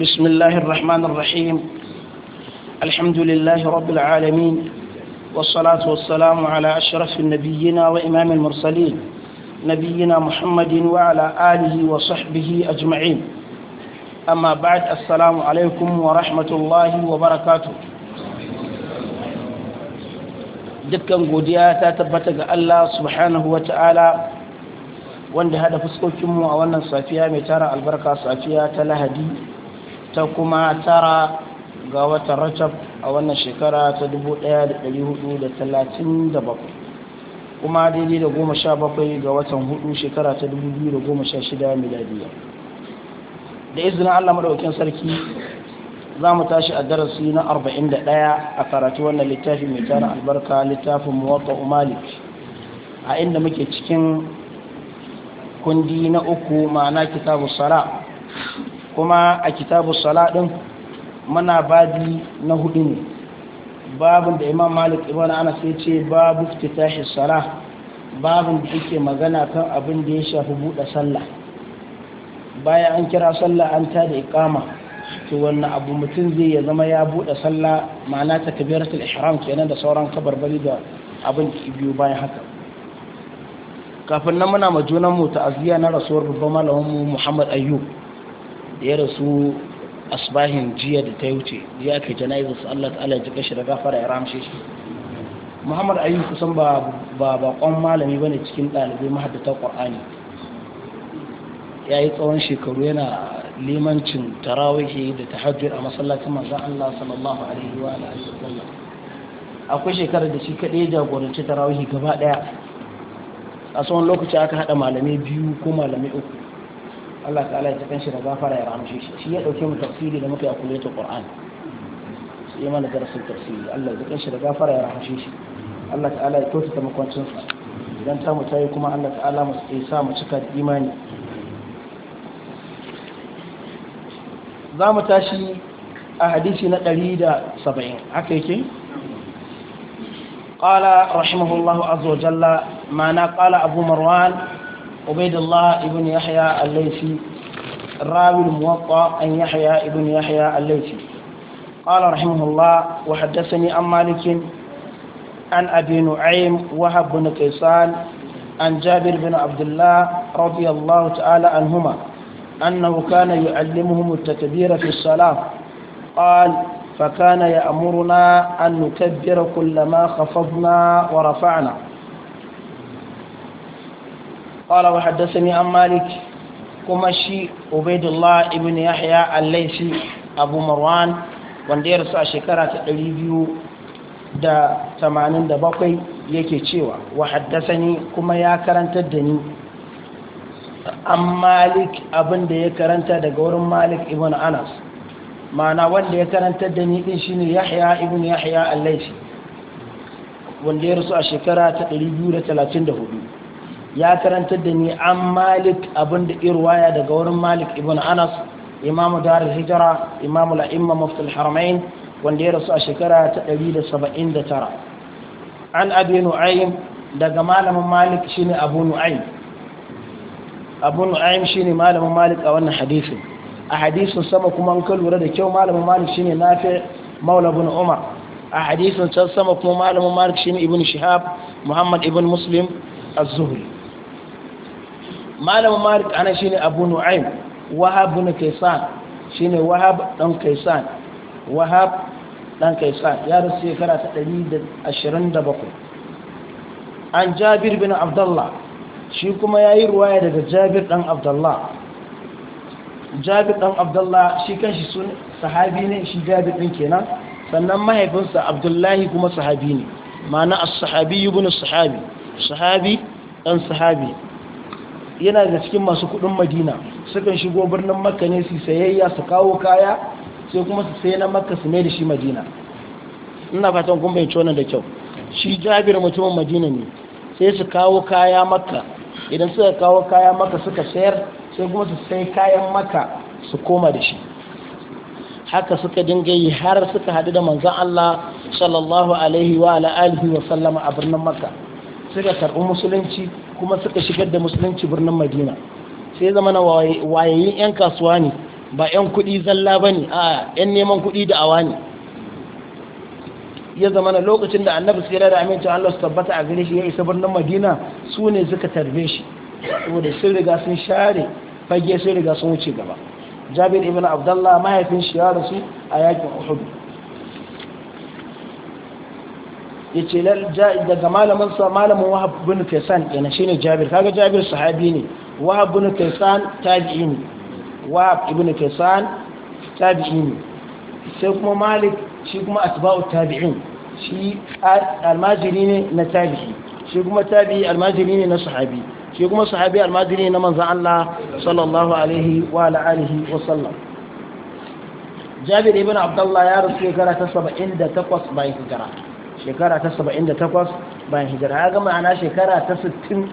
بسم الله الرحمن الرحيم الحمد لله رب العالمين والصلاة والسلام على أشرف النبيين وإمام المرسلين نبينا محمد وعلى آله وصحبه أجمعين أما بعد السلام عليكم ورحمة الله وبركاته dukkan godiya ta الله سبحانه وتعالى subhanahu هذا ta'ala وانا hada ميتارا البركة wannan تلهدي ta kuma tara ga watan rachab a wannan shekara ta 1437 kuma daidai da goma sha bakwai ga watan hudu shekara ta 2016 miladiya da izinin allah maɗaukin sarki za mu tashi a darasi na 41 a karatu wannan littafi mai tara albarka littafin muwatta malik a inda muke cikin kundi na uku ma'ana kitabu sara kuma a kitabu salaɗin mana babi na hudu ne babin da imam malik ibn ana sai ce babu fitahi sala babin da yake magana kan abin da ya shafi buɗe sallah bayan an kira sallah an ta da ikama to wannan abu mutum zai ya zama ya buɗe sallah ma'ana ta kabiratul ihram kenan da sauran bari da abin da biyu bayan haka kafin nan muna ma junan mu ta'aziyya na rasuwar babban malamin mu Muhammad Ayyub da ya rasu asbahin jiya da ta wuce jiya aka jana'izar su Allah ta'ala ya jika shi da gafara ya ramshe shi Muhammad Ayyub kusan ba ba bakon malami bane cikin ɗalibai mahaddata Ya yi tsawon shekaru yana limancin tarawihi da tahajjud a masallacin manzon Allah sallallahu alaihi wa alihi wasallam akwai shekarar da shi kadai jagoranci tarawihi gaba ɗaya. a tsawon lokaci aka haɗa malamai biyu ko malamai uku Allah ta'ala ya cikin shi da gafara ya ramshe shi shi ya dauke mu tafsiri da muka yi kullu ta Qur'an sai mana darasin tafsiri Allah ya cikin shi da gafara ya ramshe shi Allah ta'ala ya tota ta makwancin sa idan ta mu tayi kuma Allah ta'ala mu sai sa mu cika imani za mu tashi a hadisi na 170 haka yake قال رحمه الله عز وجل معنى قال أبو مروان عبيد الله ابن يحيى الليثي الراوي الموطأ أن يحيى ابن يحيى الليثي قال رحمه الله وحدثني عن مالك عن أبي نعيم وهب بن قيصان عن جابر بن عبد الله رضي الله تعالى عنهما أنه كان يعلمهم التكبير في الصلاة قال فكان يأمرنا أن نكبر كلما خفضنا ورفعنا قال وحدثني عن مالك كما شي عبيد الله ابن يحيى الليثي ابو مروان wanda ya rasu a shekara yake cewa wa haddasani kuma ya karantar da ni an malik abinda ya karanta daga wurin malik ibn anas mana wanda ya karantar da ni din shine yahya ibn yahya al-laisi wanda ya rasu a shekara ta 234 ya karantar da ni an malik abinda irwaya daga wurin malik ibn anas imamu dar hijira imamu la'imma maftul haramain wanda ya rasu a shekara ta 179 an abi nu'aym daga malamin malik shine abu nu'aym abu nu'aym shine malamin malik a wannan hadisin a hadisin sama kuma an ka lura da kyau malamin malik shine nafi maula ibn umar a hadisin can sama kuma malamin malik shine ibn shihab muhammad ibn muslim az-zuhri malama malik ana shine abu nu'aym wahab ibn kaysan shine wahab dan kaysan wahab dan kaysan ya rasu shekara ta 127 an jabir bin abdullah shi kuma yayi ruwaya daga jabir dan abdullah jabir dan abdullah shi kanshi sun sahabi ne shi jabir din kenan sannan mahaifinsa abdullahi kuma sahabi ne ma'ana as-sahabi ibn sahabi sahabi dan sahabi yana da cikin masu kudin madina sukan shigo birnin makka ne su sayayya su kawo kaya sai kuma su sayi na makka su mai da shi madina ina fatan kun bayyance nan da kyau shi jabir mutumin madina ne sai su kawo kaya makka idan suka kawo kaya makka suka sayar sai kuma su sai kayan makka su koma da shi haka suka dinga yi har suka hadu da manzon Allah sallallahu alaihi wa alihi wa sallama a birnin makka suka karɓi musulunci kuma suka shigar da musulunci birnin madina sai zama na wayayyin 'yan kasuwa ne ba 'yan kuɗi zalla ba ne a 'yan neman kuɗi da awa ne ya zama na lokacin da annabi tsira da aminci allah su tabbata a gani shi ya isa birnin madina su ne suka tarbe shi saboda sun riga sun share fage sun riga sun wuce gaba jabir ibn abdullah mahaifin shi ya rasu a yakin uhud ya ce daga malamin sa malamin wahab bin kaisan kenan ne jabir kaga jabir sahabi ne wahab bin kaisan tabi'i ne wahab ibn kaisan tabi'i ne sai kuma malik shi kuma asba'u tabi'in shi almajiri ne na tabi'i shi kuma tabi'i almajiri ne na sahabi shi kuma sahabi almajiri ne na manzon Allah sallallahu alaihi wa alihi wa sallam jabir ibn abdullah ya rasu shekara ta 78 bayan hijira shekara ta 78 bayan hijira ya gama ana shekara ta 60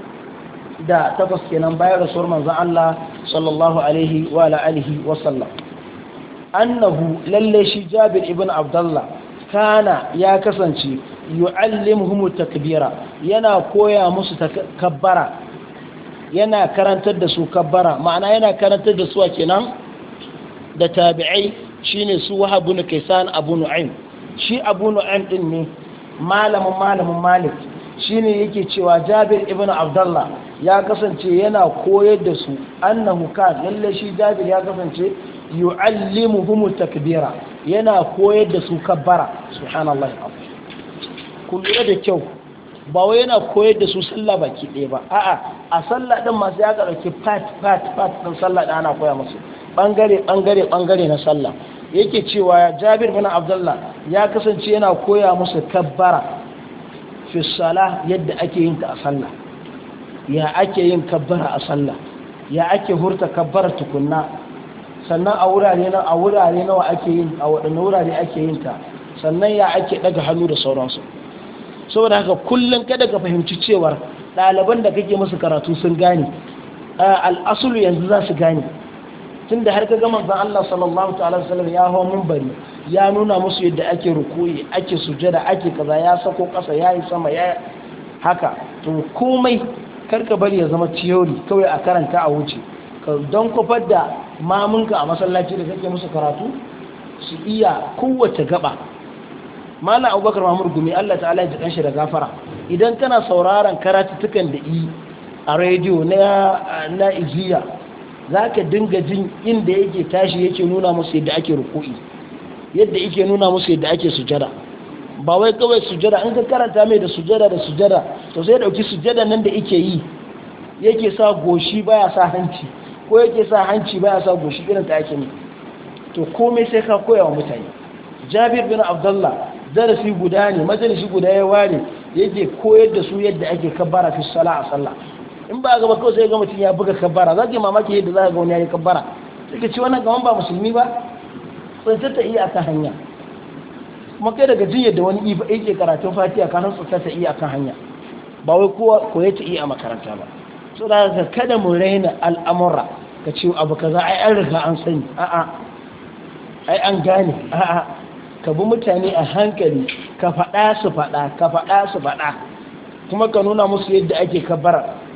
da takwas kenan bayan rasuwar manzan Allah sallallahu alaihi wa annahu lalle shi Jabir ibn Abdullah kana ya kasance yu'allimuhum takbira yana koya musu takabbara yana karantar da su kabbara ma'ana yana karantar da su kenan da tabi'ai shine su wahabu ibn Kaysan Abu Nu'aym shi Abu Nu'aym din ne malamin malamin malik shine yake cewa jabir ibn abdullah ya kasance yana koyar da su annahu kan lalle shi jabir ya kasance yu'allimuhum takbira yana koyar da su kabbara subhanallahi alazim lura da kyau ba wai yana koyar da su sallah baki ɗaya ba a'a a sallah din masu ya ɗauki part part part din sallah da ana koya masu bangare bangare bangare na sallah yake cewa jabir bin abdullah ya kasance yana koya musu kabbara fi sala yadda ake yin ta a sallah ya ake yin kabbara a sallah ya ake hurta kabbara tukunna sannan a wurare na a wurare nawa ake yin a waɗanne wurare ake yin ta sannan ya ake daga hannu da sauransu saboda haka kullum kada ka fahimci cewa ɗaliban da kake musu karatu sun gane al'asulu yanzu za su gane tun da har ka gama zan Allah sallallahu ta'ala sallallahu ya hawa bari, ya nuna musu yadda ake rukuyi ake sujada ake kaza ya sako kasa ya yi sama ya haka to komai karka bari ya zama ciyori kawai a karanta a wuce don kufar da mamunka a masallaci da kake musu karatu su iya kowace gaba malam abubakar mahmud gumi allah ta'ala ya jikan shi da gafara idan kana sauraron karatuttukan da yi a rediyo na ijiya za ka dinga jin inda yake tashi yake nuna musu yadda ake ruku'i yadda yake nuna musu yadda ake sujada ba wai kawai sujada an ka karanta mai da sujada da sujada to sai dauki sujada nan da yake yi yake sa goshi baya sa hanci ko yake sa hanci baya sa goshi irin ta yake ne to komai sai ka koya wa mutane jabir bin abdullah darasi guda ne majalisi guda ya ware yake koyar da su yadda ake kabbara fi sala a sallah in ba gaba kawai sai ga mutum ya buga kabbara za ka mamaki yadda za ka ga wani ya yi kabbara sai ka ci wannan gaban ba musulmi ba sai ta iya akan hanya kuma kai daga jin yadda wani ifa yake karatun fatiha ka san tsantsar ta iya akan hanya ba wai kowa koye ta iya a makaranta ba so da ka kada mu raina al'amura ka ce abu kaza ai an riga an sani a'a ai an gane a'a ka bi mutane a hankali ka faɗa su faɗa ka faɗa su faɗa kuma ka nuna musu yadda ake kabbara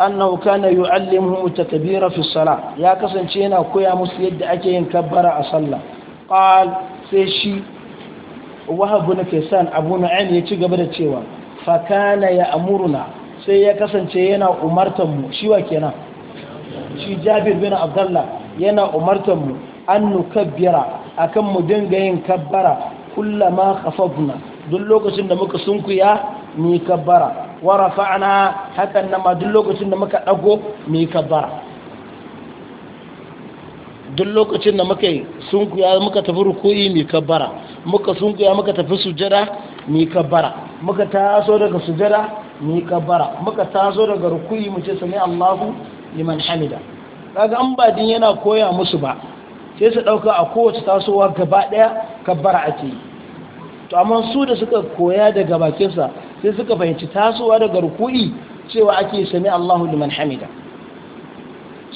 annahu kana yu'allimuhum takbira fi salah ya kasance yana koya musu yadda ake yin kabbara a sallah qal sai shi wahab bin kaysan abu nu'aym ya ci gaba da cewa fa kana ya'muruna sai ya kasance yana umartan mu shi wa kenan shi jabir bin abdullah yana umartan mu an nukabbira akan mu dinga yin kabbara kullama khafadna duk lokacin da muka sunkuya ni kabbara wa rafa'na hakan nan ma duk lokacin da muka dago mu kabbara duk lokacin da muka sunkuya muka tafi ruku'i mu kabbara muka sunkuya muka tafi sujada mu kabbara muka taso daga sujada mu kabbara muka taso daga ruku'i mu ce sami Allahu liman hamida kaga an ba din yana koya musu ba sai su dauka a kowace tasowa gaba daya kabbara ake yi to amma su da suka koya daga bakinsa sai suka fahimci tasowa daga ruku'i cewa ake sami Allahu liman hamida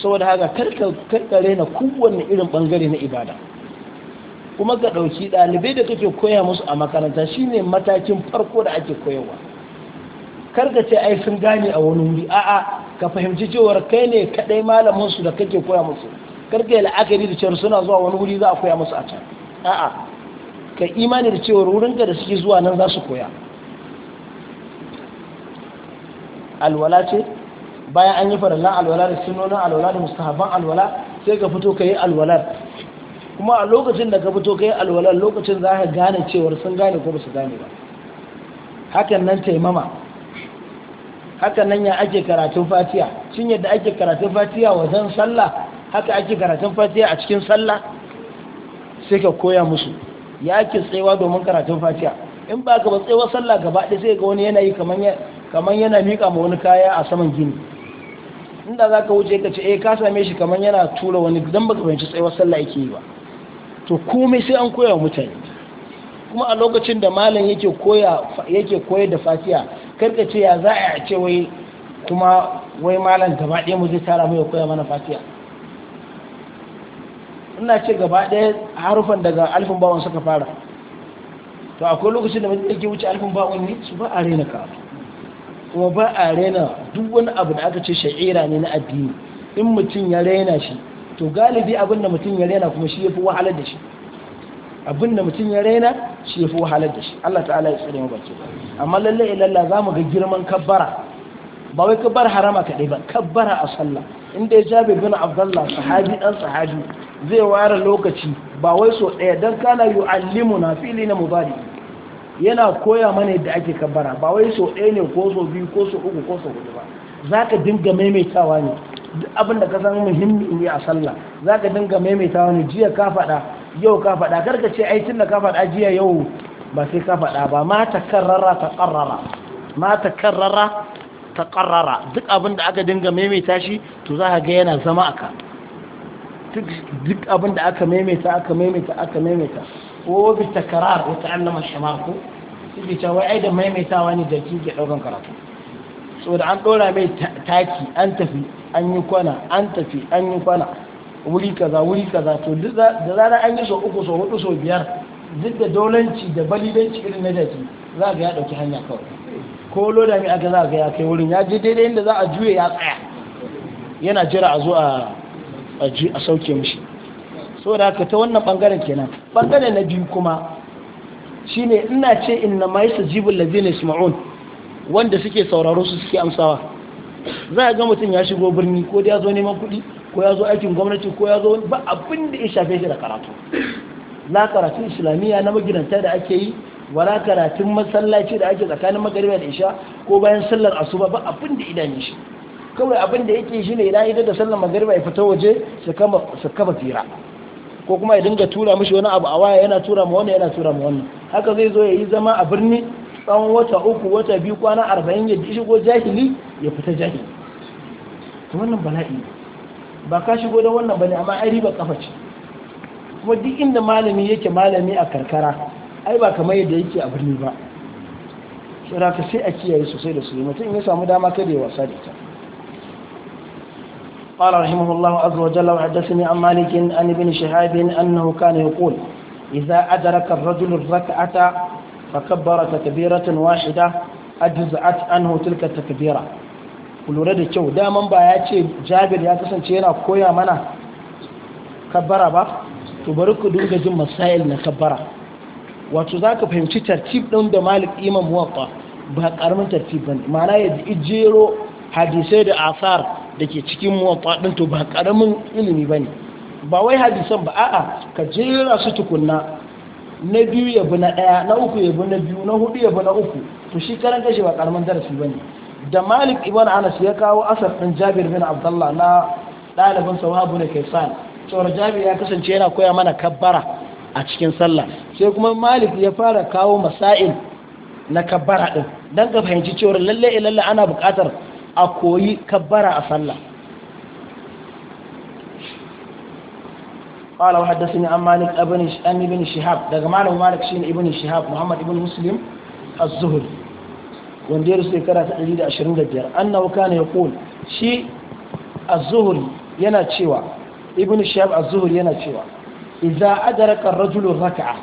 saboda haka karka karkare na kowanne irin bangare na ibada kuma ka ɗauki ɗalibai da kake koya musu a makaranta shine matakin farko da ake koyarwa karka ce ai sun gane a wani wuri a'a ka fahimci cewa kai ne kadai malamin su da kake koya musu karka yi la'akari da cewar suna zuwa wani wuri za a koya musu a can a'a ka imani da cewar wurinka da suke zuwa nan za su koya alwala ce bayan an yi farallan alwala da sunonin alwala da mustahabban alwala sai ka fito ka yi alwalar kuma a lokacin da ka fito ka yi alwalar lokacin za ka gane cewar sun gane ko ba su gane ba hakan nan taimama hakan nan ya ake karatun fatiya cin yadda ake karatun fatiya wajen sallah haka ake karatun fatiya a cikin sallah sai ka koya musu ya ke tsewa domin karatun fatiha in ba ka ba tsewa sallah gaba ɗaya sai ga wani yanayi kamar yana miƙa ma wani kaya a saman gini inda za ka wuce ka ce eh ka same shi kamar yana tura wani ba ka fahimci tsewa sallah yake yi ba to komai sai an koya wa mutane kuma a lokacin da malam yake koya yake koyar da fatiha ka ce ya za a ce wai kuma wai malam gaba ɗaya mu zai tara mu ya koya mana Fatiya. ina ce gaba ɗaya harufan daga alfin bawon suka fara to akwai lokacin da mutum yake wuce alfin bawon ne su ba a rena ka kuma ba a rena duk wani abu da aka ce sha'ira ne na addini in mutum ya rena shi to galibi abin da mutum ya rena kuma shi ya fi wahalar da shi abin da mutum ya rena shi ya fi wahalar da shi Allah ta'ala ya tsare mu baki amma lalle ilalla za mu ga girman kabbara ba wai kabbar harama kaɗai ba bara a sallah inda ya jabe bin abdullah sahabi dan sahabi zai ware lokaci ba wai so ɗaya don kana yi alimu na fili na mubari yana koya mana yadda ake kabbara ba wai so ɗaya ne ko so biyu ko so uku ko so hudu ba za ka dinga maimaitawa ne duk abin da ka san muhimmi ne a sallah za ka dinga maimaitawa ne jiya ka faɗa yau ka faɗa kar ka ce ai tun da ka faɗa jiya yau ba sai ka faɗa ba ma ta karrara ta karrara ma ta karrara ta ƙarara duk abin da aka dinga maimaita shi to za ka ga yana zama a ka duk abin da aka maimaita aka maimaita aka maimaita ko bi takarar wa ta'allama shamar ko suke cewa ai da maimaitawa ne da kike ɗaukan karatu da an ɗora mai taki an tafi an yi kwana an tafi an yi kwana wuri kaza wuri kaza to da zarar an yi so uku so hudu so biyar duk da dolanci da balidanci irin na jaki za ga ya dauki hanya kawai ko loda mai aka za ga ya kai wurin ya je daidai inda za a juye ya tsaya yana jira a zo a a sauke mishi saboda haka ta wannan bangaren kenan bangaren na biyu kuma shine ina ce inna ma jibul ladina yasma'un wanda suke sauraro su suke amsawa za a ga mutum ya shigo birni ko da ya zo neman kuɗi ko ya zo aikin gwamnati ko ya zo ba abin da ya shafe shi da karatu la karatu islamiyya na magidanta da ake yi wala karatun masallaci da ake tsakanin magariba da isha ko bayan sallar asuba ba abin da idane shi kawai abin da yake shi ne idan idan da sallar magariba ya fita waje su kafa fira ko kuma ya dinga tura mishi wani abu a waya yana tura ma wannan yana tura ma wannan haka zai zo ya yi zama a birni tsawon wata uku wata biyu kwana arba'in ya shigo jahili ya fita jahili to wannan bala'i ba ka shigo da wannan bane amma ai riba kafa ce kuma duk inda malami yake malami a karkara ai ba kamar yadda yake a birni ba shiraka sai a kiyaye sosai da su mutum ya samu dama kada ya wasa da ita قال رحمه الله عز وجل وحدثني عن مالك عن ابن شهاب أنه كان يقول إذا أدرك الرجل الركعة فكبر تكبيرة واحدة أجزعت عنه تلك التكبيرة kulura da kyau daman ba ya ce jabir ya kasance yana koya mana kabbara ba to bari ku dinga jin na kabbara wato za ka fahimci tartib ɗin da malik imam muwatta ba ƙaramin tartib ba mana ya jero hadisai da asar da ke cikin muwatta ɗin to ba ƙaramin ilimi ba ne ba wai hadisan ba a'a ka jera su tukunna na biyu ya bi na ɗaya na uku ya bi na biyu na hudu ya bi na uku to shi karan gashi ba ƙaramin darasi ba ne da malik ibn anas ya kawo asar ɗin jabir bin abdallah na ɗalibin sawabu ne kaisan tsoron jabir ya kasance yana koya mana kabbara a cikin sallah sai kuma malik ya fara kawo masail na kabbara din dan ka fahimci cewa lalle lalle ana buƙatar a koyi kabbara a sallah قال وحدثني عن مالك ابن عن ابن شهاب ده مالك مالك شين ابن شهاب محمد ابن مسلم الزهري وندير سيكرة تقليد عشرين دجار أنه كان يقول zuhri الزهري ينا تشيوى ابن شهاب الزهري ينا cewa. idza adraka ar-rajulu rak'a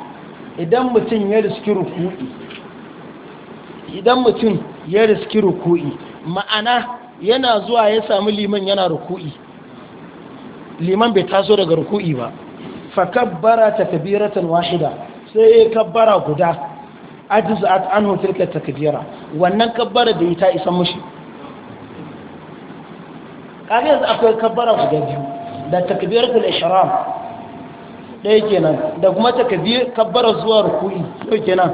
idan mutum ya riski ruku'i idan mutum ya riski ruku'i ma'ana yana zuwa ya samu liman yana ruku'i liman bai taso daga ruku'i ba fa kabbara takbiratan wahida sai ya kabbara guda ajza'at anhu tilka takbira wannan kabbara da ita isa mushi kage akwai kabbara guda biyu da takbiratul ihram ɗaya kenan da kuma ta kabbara zuwa rukuni yau kenan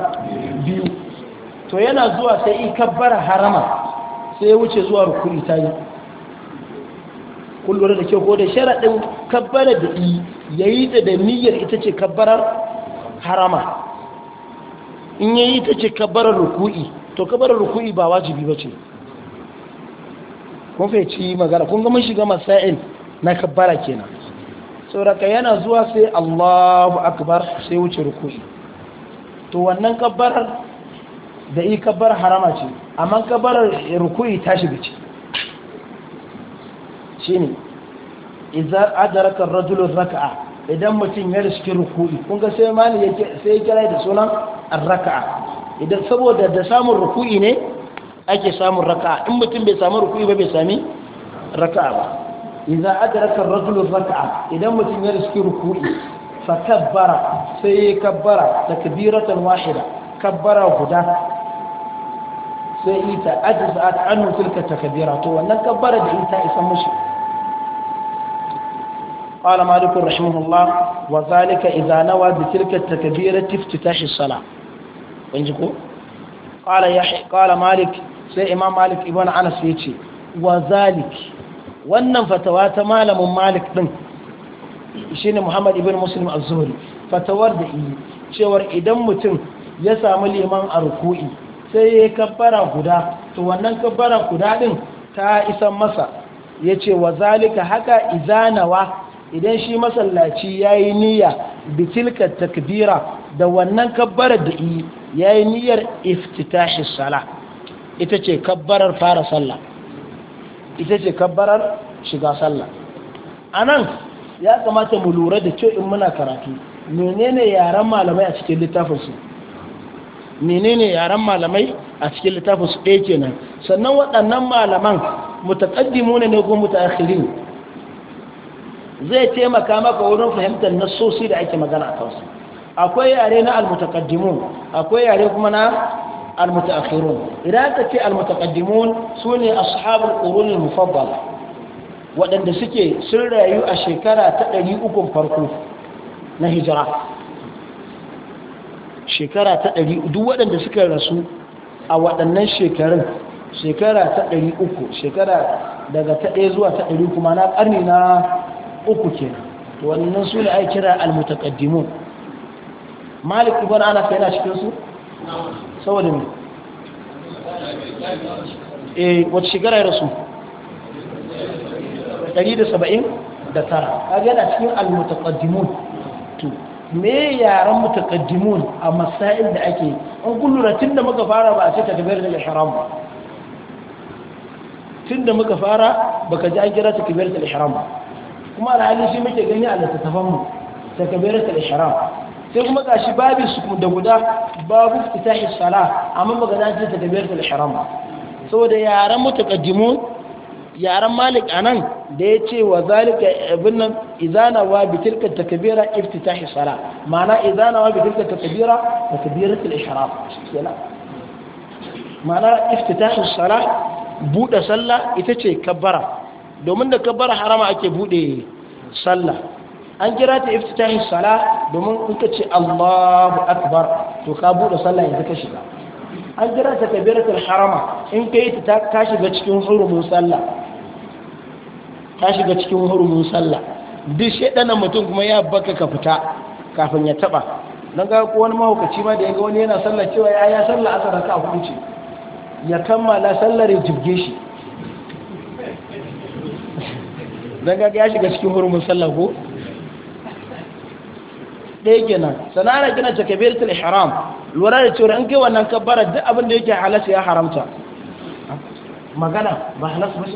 biyu to yana zuwa sai yi kabbara harama sai wuce zuwa rukuni ta yi kullum da ke ko da sharaɗin kabbara da yi ya yi ta da niyyar ita ce kabbarar harama in ya yi ta ce kabbarar rukuni to kabbarar rukuni ba wajibi ba ce kun fahimci magana kun ga shiga masa'il na kabbara kenan tsoraka yana zuwa sai allahu akbar sai wuce rukuni to wannan kabbar da yi kabbar harama ce amma kabbar rukuni ta shi bice shi ne idan raka'a idan mutum ya riski rukuni kun ga sai mani sai ya kira da sunan raka'a idan saboda da samun rukuni ne ake samun raka'a in mutum bai samu rukuni ba bai sami raka'a ba idza adraka ar-rajulu rak'a idan mutum ya riski ruku'i fa kabbara sai ya kabbara takbiratan wahida kabbara guda sai ita ajza'at anhu tilka takbira to wannan kabbara da ita isan mushi قال مالك رحمه الله وذلك إذا نوى بتلك التكبيرة افتتاح الصلاة ونجكو قال يحيى قال مالك سي إمام مالك ابن أنس يتي وذلك wannan fatawa ta malamin malik din shine muhammad ibn muslim az fatawar da yi cewar idan mutum ya samu liman a ruku'i sai ya kabbara guda to wannan kabbara guda din ta isan masa ya ce wa zalika haka izanawa idan shi masallaci ya yi niyya bitilka takbira da wannan kabbarar da yi ya yi niyyar iftitahi sala ita ce kabbarar fara sallah ita ce kabbarar shiga sallah a nan ya kamata mu lura da kyau in muna karatu menene yaren malamai a cikin littafinsu menene yaren malamai a cikin littafinsu ɗaya eh kenan sannan waɗannan malaman mutaqaddimu ne ko mutaakhirin zai taimaka maka wurin fahimtar nassosi da ake magana a kansu akwai yare na almutaqaddimu akwai yare kuma na المتأخرون إذا كنت المتقدمون سوني أصحاب القرون المفضلة وأن سكي سر يو أشكرا تأليئكم فرقو نهجرة شكرا تأليئ دو وأن سكي رسول أو أن الشكرا shekara ta ɗari uku shekara daga ta ɗaya zuwa ta ɗari uku na ƙarni na uku ke wannan su ne ake kira al-mutaqaddimun malik ibn anas yana cikin su saboda ne eh wata shigara ya rasu 179 kaga yana cikin al-mutaqaddimun to me yaran mutaqaddimun a masail da ake an kullura tunda muka fara ba a ce takbir da ihram ba tunda muka fara baka ji an kira takbir da ihram ba kuma alhali shi muke gani a littattafan mu takbir da ihram sai kuma gashi babu su da guda babu fitahi sala amma magana ce ta tabiyar da haram saboda yaran mutaqaddimun yaran malik anan da ya ce wa zalika ibn izana wa bi tilka takbira iftitahi sala ma'ana izana wa bi tilka takbira takbiratul ihram kenan ma'ana iftitahi sala buɗe sallah ita ce kabbara domin da kabbara harama ake buɗe sallah an kira ta iftitahi sala domin in ka ce Allahu akbar to ka bude sallah yanzu ka shiga an kira ta kabiratul harama in ka yi ta ka shiga cikin hurumin sallah ka shiga cikin hurumin sallah duk shedanan mutum kuma ya baka ka fita kafin ya taba dan ga ko wani mahaukaci ma da yaga wani yana sallah cewa ya ya sallah asar ka hukunci ya kammala sallar ya jibge shi dan ga ya shiga cikin hurumin sallah ko ɗaya kenan sannan ana gina ta kabiratul ihram lura da cewa in kai wannan kabbara duk abin da yake halasa ya haramta magana ba halasa ba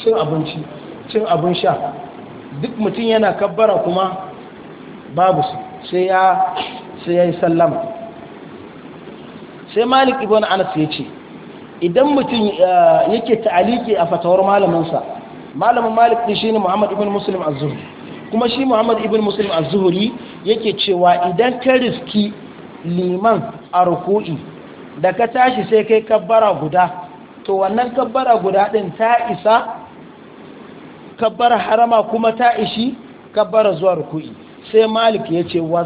cin abinci cin abin sha duk mutum yana kabbara kuma babu sai ya sai ya yi sallama sai malik ibn anas ya ce idan mutum eh, yake ta'aliki a fatawar malaminsa malamin malik ɗin shine muhammad ibn muslim az-zuhri kuma shi muhammad ibn muslim az-zuhri yake cewa idan ka riski liman a ruku'i da ka tashi sai kai kabbara guda to wannan kabbara guda din ta isa kabbara harama kuma ta ishi kabbara zuwa ruku'i sai malik ya ce wa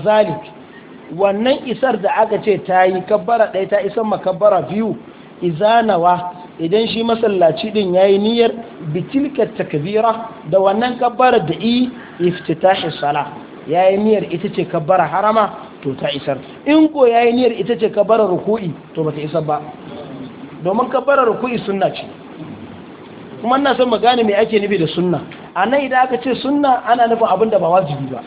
wannan isar da aka ce ta yi kabbara ɗaya ta isan makabbara biyu izanawa idan shi masallaci ɗin ya yi niyyar bitilkar takabira da wannan kabbara da i iftitahi sala ya yi niyyar ita ce kabbara harama to ta isar in ko ya yi niyyar ita ce kabbara ruku'i to ba ta isar ba domin kabbara ruku'i sunna ce kuma ina son magana me ake nufi da sunna a nan idan aka ce sunna ana nufin abin da ba wajibi ba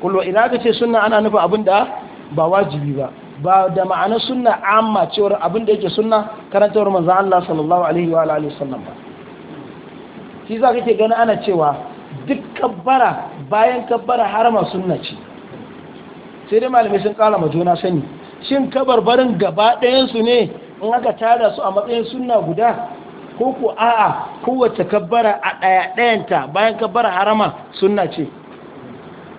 Kullum idan aka ce sunna ana nufin abin da ba wajibi ba ba da ma'anar sunna amma cewar abin da yake sunna karantawar manzon Allah sallallahu alaihi wa alihi wasallam ba shi za ke gani ana cewa duk kabbara bayan kabbara harama sunna ce sai dai malamai sun kala ma juna sani shin kabarbarin gaba ɗayansu ne in aka tada su a matsayin sunna guda ko ku a'a kowace kabbara a ɗaya ɗayanta bayan kabbara harama sunna ce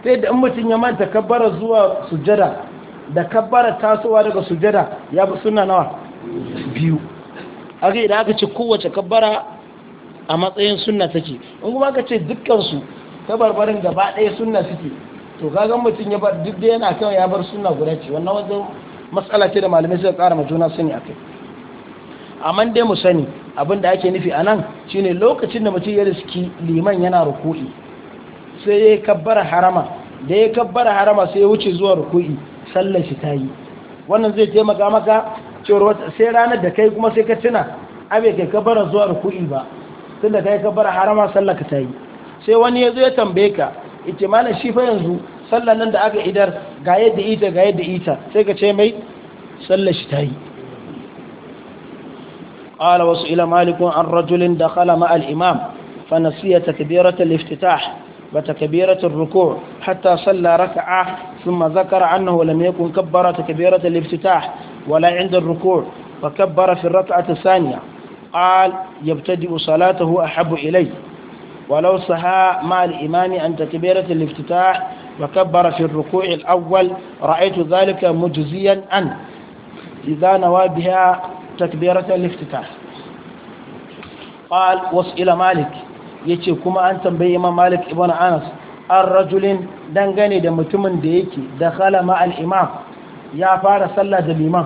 sai da in mutum ya manta kabbara zuwa sujada da kabbara tasowa daga sujada ya bi sunna nawa biyu ga idan aka ce kowace kabbara a matsayin sunna take in kuma ka ce dukkansu ta barbarin gaba ɗaya sunna suke to ka kagan mutum ya bar duk da yana kan ya bar suna guda ce wannan wajen matsala ce da malamai suka tsara ma juna sani a kai amma dai mu sani abin da ake nufi a nan shine lokacin da mutum ya riski liman yana ruku'i sai ya kabbara harama da ya kabbara harama sai ya wuce zuwa ruku'i sallar shi ta yi wannan zai taimaka maka cewar sai ranar da kai kuma sai ka tuna abe kai kabbara zuwa ruku'i ba tunda kai kabbar harama sallar ka ta yi sai wani ya zo ya tambaye ka ita mana shi fa yanzu sallar nan da aka idar ga yadda ita ga ita sai ka ce mai sallar shi ta yi ƙala wasu ila malikun an rajulin da kala ma'al imam fa nasiya ta kabiratul iftitah ba ta kabiratul ruku hatta sallar raka'a sun ma zakara annahu lam yakun kabbara ta kabiratul iftitah wala inda ruku fa kabbara fi raka'a ta saniya قال يبتدئ صلاته أحب إليه ولو سها مع الإمام عن تكبيرة الافتتاح وكبر في الركوع الأول رأيت ذلك مجزيا عنه إذا نوى بها تكبيرة الافتتاح قال وسئل مالك yace kuma an tambayi imam malik ibn anas an rajulin dangane da mutumin da yake da khala ma al imam ya fara sallah da liman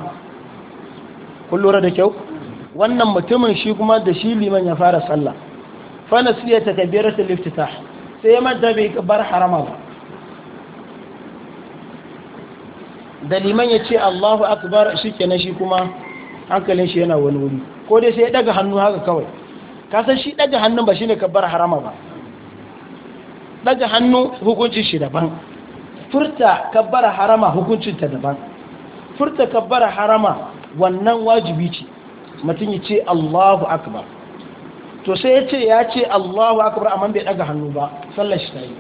kun lura da kyau wannan mutumin shi kuma da shi liman ya fara sallah fa nasiya takbiratul liftitah sai ya manta bai bar harama ba da liman ya ce Allahu akbar shikenan shi kuma hankalin shi yana wani wuri ko dai sai ya daga hannu haka kawai ka san shi daga hannun ba shine kabar harama ba daga hannu hukuncin shi daban furta kabbara harama hukuncin ta daban furta kabbara harama wannan wajibi ce mutum ya ce Allahu akbar to sai ya ce ya ce Allahu akbar amma bai daga hannu ba sallar shi ta yi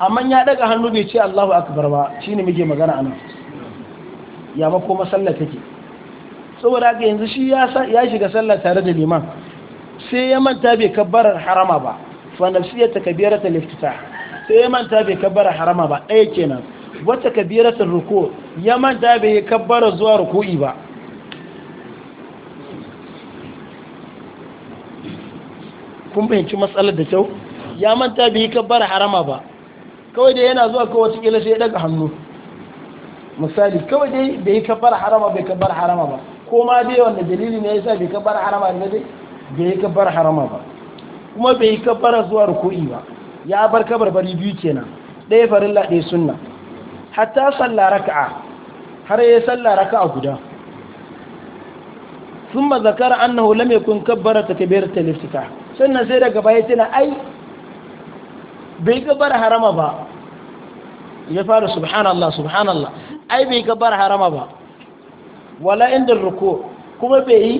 amma ya daga hannu bai ce Allahu akbar ba shine muke magana ana ya ba kuma sallar take saboda haka yanzu shi ya shiga sallar tare da liman sai ya manta bai kabbarar harama ba fa nafsiyata kabirata liftitah sai ya manta bai kabbarar harama ba ɗaya kenan wata kabiratul ruku ya manta bai kabbara zuwa ruku'i ba kun fahimci matsalar da kyau ya manta bai bar harama ba kawai dai yana zuwa kawai kila sai ya daga hannu misali kawai dai bai ka bar harama bai ka bar harama ba ko ma dai wanda dalili ne yasa bai ka bar harama ne dai bai ka bar harama ba kuma bai ka bara zuwa ruku'i ba ya bar kabar bari biyu kenan ɗaya farilla ɗaya sunna hatta sallah raka'a har ya sallah raka'a guda ثم ذكر أنه لم يكن كبر تكبيرة الافتتاح sannan sai daga baya tana ai bai gabar harama ba ya fara subhanallah subhanallah ai bai gabar harama ba wala inda ruku kuma bai yi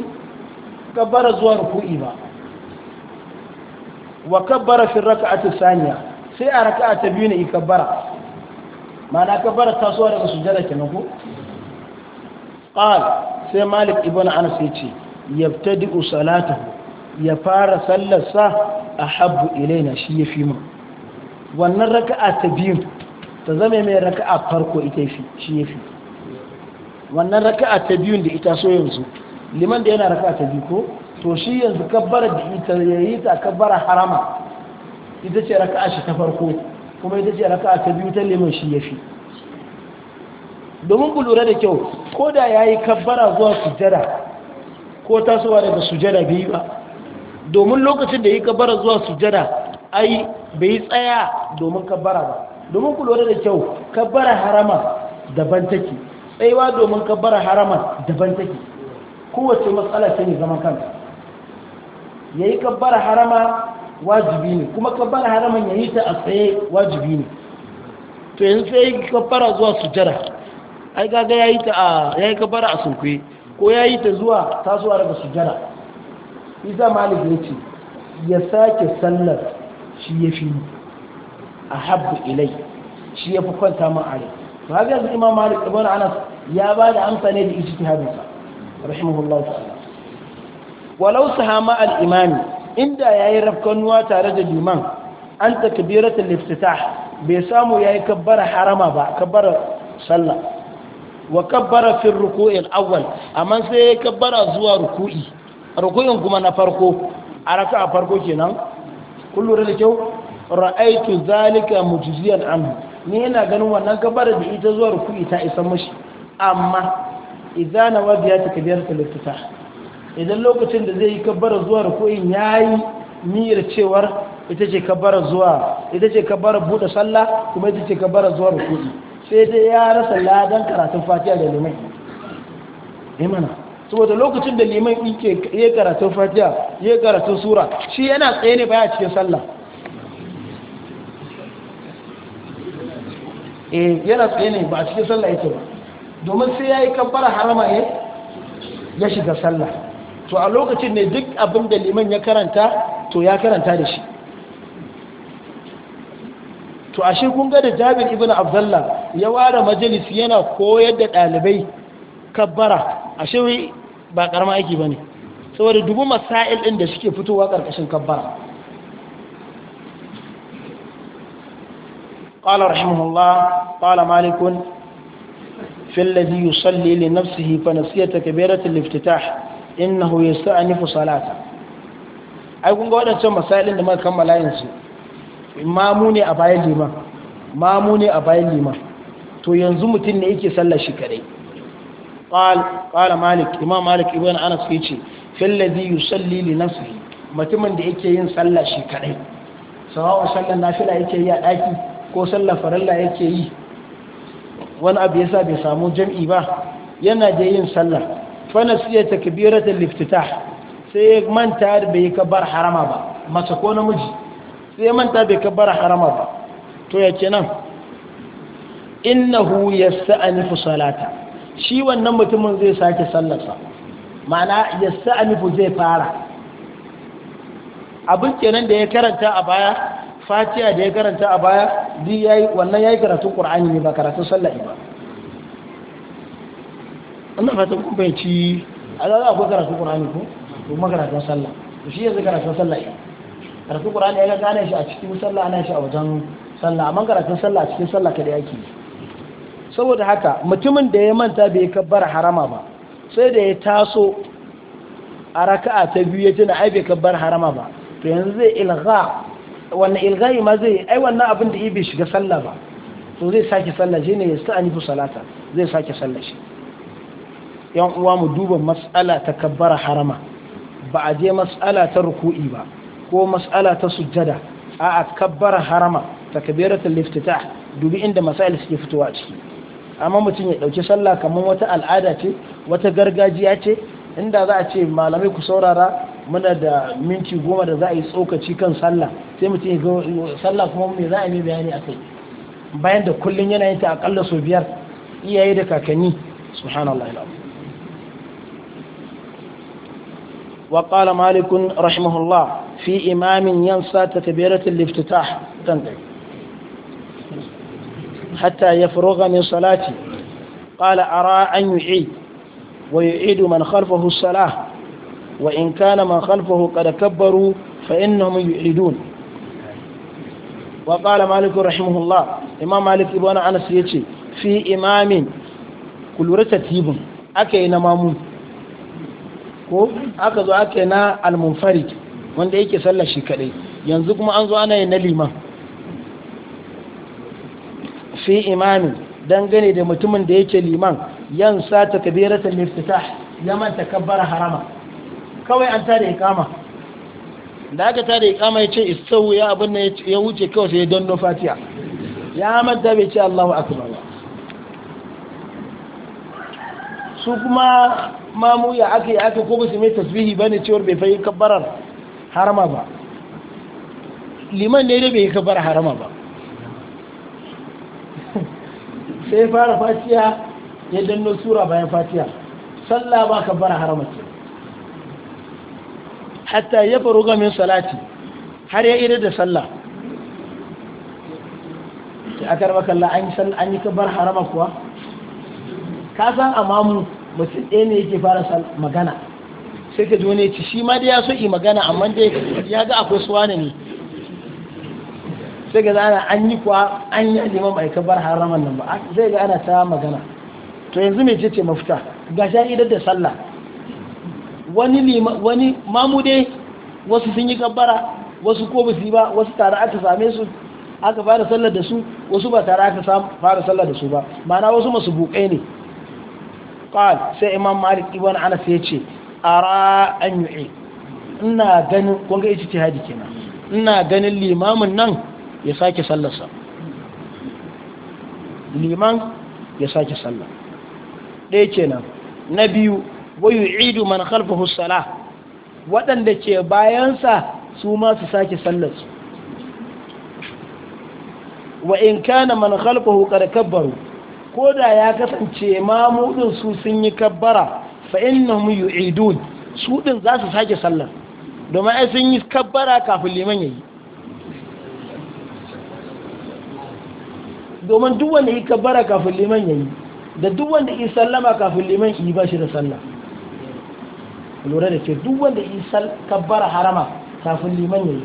gabbara zuwa ruku'i ba wa kabbara fi raka'ati saniya sai a raka'a ta biyu ne yi kabbara ma'ana kabbara ta so daga sujjada kenan ku qal sai malik ibn anas yace yabtadi'u salatahu ya fara sallarsa a habu ilaina shi ya fi mu wannan raka'a ta biyun ta zama mai raka'a farko ita shi ya fi wannan raka'a ta biyun da ita so yanzu liman da yana raka'a ta biyu ko to shi yanzu kabbara da ita ya yi ta kabbara harama ita ce raka'a shi ta farko kuma ita ce raka'a ta biyu ta liman shi ya fi domin ku lura da kyau ko da ya yi kabbara zuwa sujada ko tasowa daga sujada biyu ba domin lokacin da yi kabara zuwa sujada ai bai tsaya domin kabara ba domin ku lura da kyau kabara harama daban take Tsayawa domin kabara harama daban take kowace matsala ce ne zaman kanta yayi kabara harama wajibi ne kuma kabara ya yayi ta a tsaye wajibi ne to yanzu sai kabara zuwa sujada ai gaga yayi ta a yayi kabara a sunkuye ko yayi ta zuwa tasowa daga sujada isa malik ya ce ya sake sallar shi ya fi a habbu ilai shi ya fi kwanta min a rai to haka yanzu imam malik ibn anas ya ba da amsa ne da ijtihadin sa rahimahullahu ta'ala walau sahama al imami inda yayi rafkanuwa tare da liman an takbiratul iftitah bai samu yayi kabbara harama ba kabbara sallah wa kabbara fi ruku'il awwal amma sai ya kabbara zuwa ruku'i Ruku'in kuma na farko a raka a farko kenan nan lura da kyau ra'aitu zalika Mujiziyar, anhu ni yana ganin wannan gabar da ita zuwa ruku'i ta isa mashi amma idza biyar ta iftitah idan lokacin da zai yi kabbara zuwa ya yi niyyar cewar ita ce kabbara zuwa ita ce kabbara buɗe sallah kuma ita ce kabbara zuwa ruku'i sai dai ya rasa ladan karatun fatiha da limai imana eh saboda lokacin da liman yake ya karatun fatiha ya karatun sura shi yana tsaye ne baya cikin sallah eh yana tsaye ne ba a cikin sallah yake ba domin sai ya yi kabbara harama ne ya shiga sallah to a lokacin ne duk abin da liman ya karanta to ya karanta da shi to a shi kun ga da jabir ibn abdullah ya ware majalis yana koyar da ɗalibai kabbara a shi ba karama aiki ba ne saboda dubu masail ɗin da suke fitowa ƙarƙashin kabbara قال رحمه الله قال مالك في الذي ta لنفسه فنسية كبيرة su a يستأنف salata ai kun ga waɗancan ɗin da muka kammala yanzu mamu ne a bayan liman mamu ne a bayan liman to yanzu mutum ne yake sallar shi kadai qal qala malik imam malik ibn anas yace fil ladhi yusalli li nafsihi mutumin da yake yin sallah shi kadai sawa'un sallar nafila yake yi a daki ko sallar farilla yake yi wani abu yasa bai samu jam'i ba yana da yin sallah fa nasiya takbiratul iftitah sai manta bai kabar harama ba mace ko namiji sai manta bai kabar harama ba to ya kenan innahu yasta'anifu salata shi wannan mutumin zai sake sallarsa ma'ana ya sa'anifu zai fara abin kenan da ya karanta a baya fatiha da ya karanta a baya ya yi wannan ya yi karatun ƙura'ani ne ba karatun sallari ba ina fatan kun bayyaci a akwai karatun ƙura'ani ko kuma karatun da shi yanzu karatun sallari karatun ƙura'ani ya gane shi a cikin sallar ana shi a wajen sallar amma karatun sallar a cikin ka da yake yi saboda haka mutumin da ya manta bai kabbara harama ba sai da ya taso a raka'a ta biyu ya tuna ai bai kabbara harama ba to yanzu zai ilga wannan ilgai ma zai ai wannan abin da bai shiga sallah ba to zai sake sallah shi ne ya sa anifu salata zai sake sallah shi yan uwa mu duba mas'ala ta kabbara harama ba a je mas'ala ta ruku'i ba ko mas'ala ta sujjada a a kabbara harama takbiratul iftitah dubi inda masail suke fitowa ciki amma mutum ya ɗauki sallah kamar wata al'ada ce wata gargajiya ce inda za a ce malamai ku saurara muna da minti goma da za a yi tsokaci kan sallah sai mutum ya ga sallah kuma me za a yi bayani a kai bayan da kullum yana yin ta akalla sau biyar iyaye da kakanni subhanallah wa qala malikun rahimahullah fi imamin yansa ta tabiratul liftitah tantai حتى يفرغ من صلاته قال أرى أن يعيد ويعيد من خلفه الصلاة وإن كان من خلفه قد كبروا فإنهم يعيدون وقال مالك رحمه الله إمام مالك ابن أنس يتي في إمام كل رتتيب أكي نمام ko aka zo aka na almunfarid wanda yake sallar shi kadai yanzu kuma an zo ana yin na liman fi imami dangane da mutumin da yake liman yan sa takbiratul iftitah yaman takabbara harama kawai an ya ikama da aka kama ikama yace istawu ya abin ne ya wuce kawai sai don no fatiha ya manta bai ce Allahu akbar su kuma mamu ya aka yi aka ko su mai tasbihi ba ne cewar bai fayi kabbarar harama ba liman ne dai bai yi kabbarar harama ba sai ya fara fatiya ya danno sura bayan fatiya sallah ba ka bara haramata hatta ya faru min salati har ya ida da sallah sai akar raba kalla an yi an yi ka bar harama kuwa ka san amamu mutum ɗaya ne yake fara magana sai ka zo ne ci shi ma dai ya so yi magana amma dai ya ga akwai suwa ne sai ga ana an yi kuwa an yi liman bai kabar haraman nan ba zai ga ana ta magana to yanzu me ce ce mafita ga sha idar da sallah wani lima wani mamu dai wasu sun yi kabbara wasu ko bisi ba wasu tare aka same su aka fara sallar da su wasu ba tare aka fara sallar da su ba ma'ana wasu masu buƙe ne ƙwal sai imam malik ibn anas ya ce ara an yi ina ganin kun ga ijtihadi kenan ina ganin limamin nan ya sake sallarsa liman ya sake sallar ɗaya kenan na biyu wayu idu man kalfa sala waɗanda ke bayansa su masu su sake sallarsu wa in kana man kalfa hukar kabbaru da ya kasance mamudin su sun yi kabbara fa yi yu'idun su din za su sake sallar domin ai sun yi kabbara kafin liman yayi domin duk wanda yi kabbara kafin liman ya yi da duk wanda yi sallama kafin liman yi ba shi da sallah lura da ke duk wanda yi kabbara harama kafin liman ya yi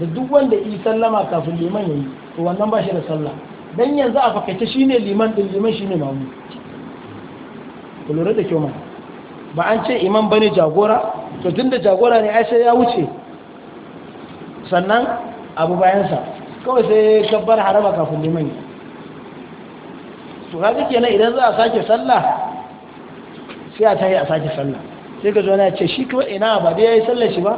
da duk wanda yi sallama kafin liman ya yi to wannan ba shi da sallah dan yanzu a shi ne liman din liman shi ne mamu lura da kyau ma ba an ce imam ne jagora to tunda jagora ne ai sai ya wuce sannan abu bayansa kawai sai kabbar haraba kafin liman ya to ke nan idan za a sake sallah sai a tahi a sake sallah sai ka zo na ce shi kawai ina ba dai yayi sallah shi ba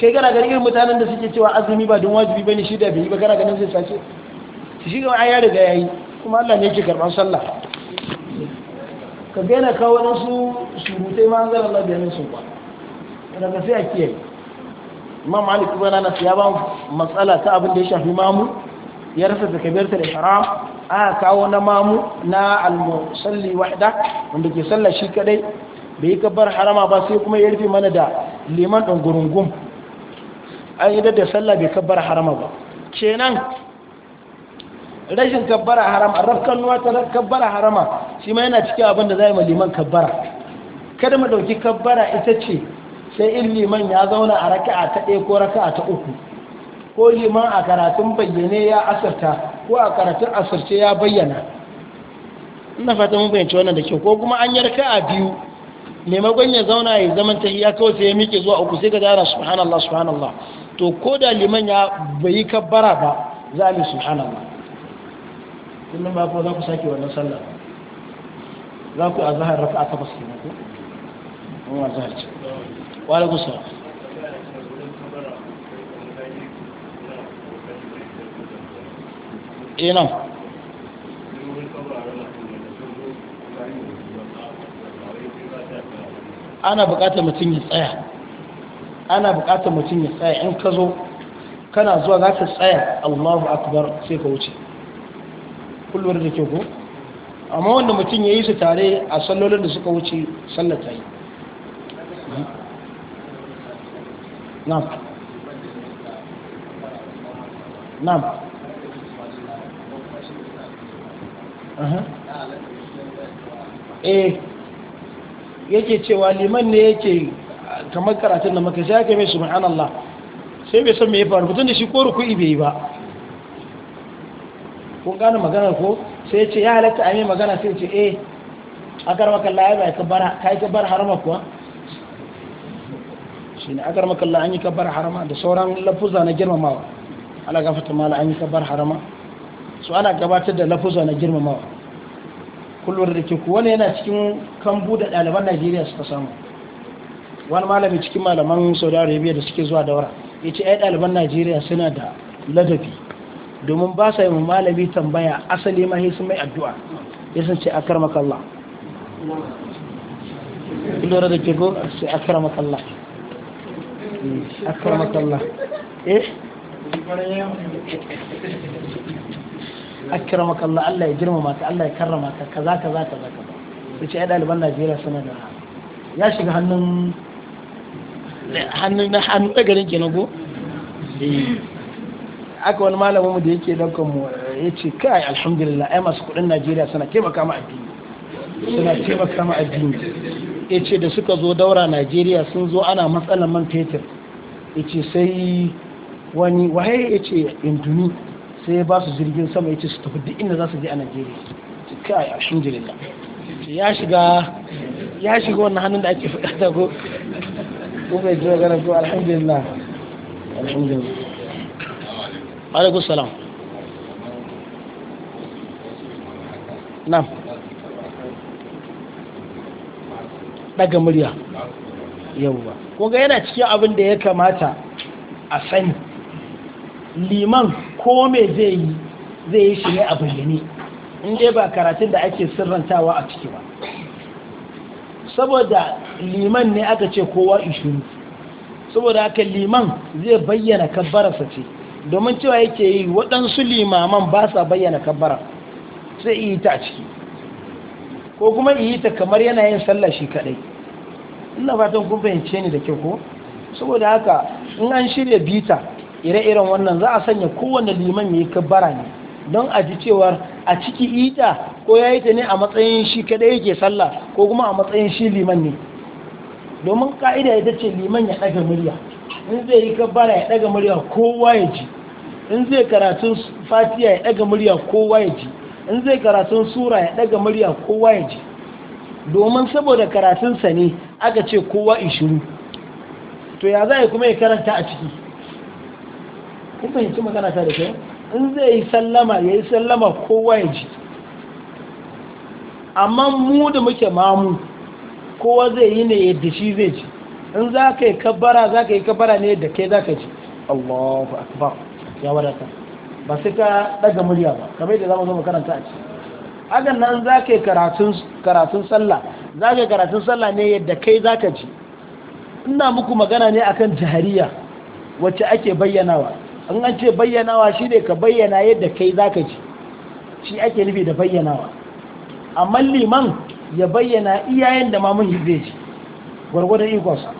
kai kana ganin irin mutanen da suke cewa azumi ba don wajibi bane shi da bai ba kana ganin zai sace shi ga ya riga yayi kuma Allah ne yake karban sallah ka daina kawo su surutai ma an zara Allah bayanin sun ba daga sai a kiyaye imam malik ibn na ya ba matsala ta abin da ya shafi mamu ya rasa da haram aka kawo na mamu na al-musalli wahda wanda ke sallah shi kadai bai kabbar harama ba sai kuma ya rufe mana da liman ɗan gurungum an yi da sallah bai kabbar harama ba kenan rashin kabbara harama rafkan nuwa ta kabbara harama shi ma yana cikin abin da za yi ma liman kabbara kada mu ɗauki kabbara ita ce sai in liman ya zauna a raka'a ta ɗaya ko raka'a ta uku ko liman a karatun bayyane ya asarta ko a karatun asarce ya bayyana ina fata mun bayyance wannan da kyau ko kuma an yarka a biyu maimakon ya zauna ya zaman ya kawai sai ya miƙe zuwa uku sai ka dara subhanallah subhanallah to ko da liman ya bai kabbara ba za a yi subhanallah kullum ba ko za ku sake wannan sallah za ku a zahar raka'a ta basu ne ko wa zahar ce wa alaikum salam eh ana bukatar mutum ya tsaya ana bukatar mutum ya tsaya in ka zo kana zuwa za ka tsaya allahu akbar sai ka wuce kullum da ke ku, amma wanda mutum ya yi su tare a sallolin da suka wuce sallata yi na'am na'am eh yake cewa liman ne yake kamar karatun da maka sai su mai subhanallah sai bai san me ya faru mutum da shi ko ruku'i bai yi ba kun gane magana ko sai ce ya halatta a mai magana sai ce eh akar maka Allah ya bai ka yi kabar harama kuwa shi ne akar maka Allah an yi kabar harama da sauran lafuza na girmamawa ala gafata mala an yi kabar harama su ana gabatar da lafuza na girmamawa kullum da ke wani yana cikin kambu da ɗaliban najeriya suka samu wani malami cikin malaman saudi arabia da suke zuwa daura ya ce ai ɗaliban najeriya suna da ladabi domin ba sa yi malami tambaya asali ma sun mai addu'a ya san ce akar makalla lura da ke go su akar makalla akar makalla eh akramaka Allah Allah ya girmama ka Allah ya karrama ka kaza kaza kaza kaza yace ai daliban Najeriya suna da ya shiga hannun hannun na hannun dagarin kenan ko aka wani malamin mu da yake daukan mu yace kai alhamdulillah ai masu kudin Najeriya suna taimaka ma addini suna taimaka ma addini yace da suka zo daura Najeriya sun zo ana matsalan man fetur yace sai wani ya yace induni sai ba su jirgin sama yace su tafi duk inda za su je a Najeriya kai jirilla ya shiga ya shiga wannan hannun da ake fada ko ko bai jira gara ko alhamdulillah alhamdulillah alaikum salam na'am daga murya yauwa ko ga yana cikin abin da ya kamata a sani liman ko me zai yi zai yi shi ne a bayyane in dai ba karatun da ake sirrantawa a ciki ba saboda liman ne aka ce kowa ishuru saboda haka liman zai bayyana kabbararsa ce domin cewa yake yi waɗansu limaman ba sa bayyana kabbara sai yi ta a ciki ko kuma yi ta kamar yanayin sallah shi kaɗai ina fatan kun fahimce ni da kyau ko saboda haka in an shirya bita ire-iren wannan za a sanya kowane liman ya yi kabbara ne don a ji cewar a ciki ita ko ya yi ta ne a matsayin shi kadai yake sallah ko kuma a matsayin shi liman ne domin ka'ida ya ce liman ya ɗaga murya in zai yi kabbara ya ɗaga murya kowa ya ji in zai karatun fatiya ya ɗaga murya kowa ya ji in zai karatun sura ya ɗaga murya kowa ya ji domin saboda karatunsa ne aka ce kowa ishiru to ya za kuma ya karanta a ciki kun fahimci magana ta da kai in zai yi sallama ya yi sallama kowa ya ji amma mu da muke mamu kowa zai yi ne yadda shi zai ji in za ka yi kabbara za ka yi kabbara ne da kai za ka ji allahu akbar ya wadata ba sai ka daga murya ba kamar yadda za mu zo mu karanta a ci hakan nan za ka yi karatun sallah za ka yi karatun sallah ne yadda kai za ka ji ina muku magana ne akan jahariya wacce ake bayyanawa in an ce bayyanawa shi ne ka bayyana yadda kai za ka ci shi ake nufi da bayyanawa amma liman ya bayyana iyayen da mamun zai ci gwargwadon ikonsa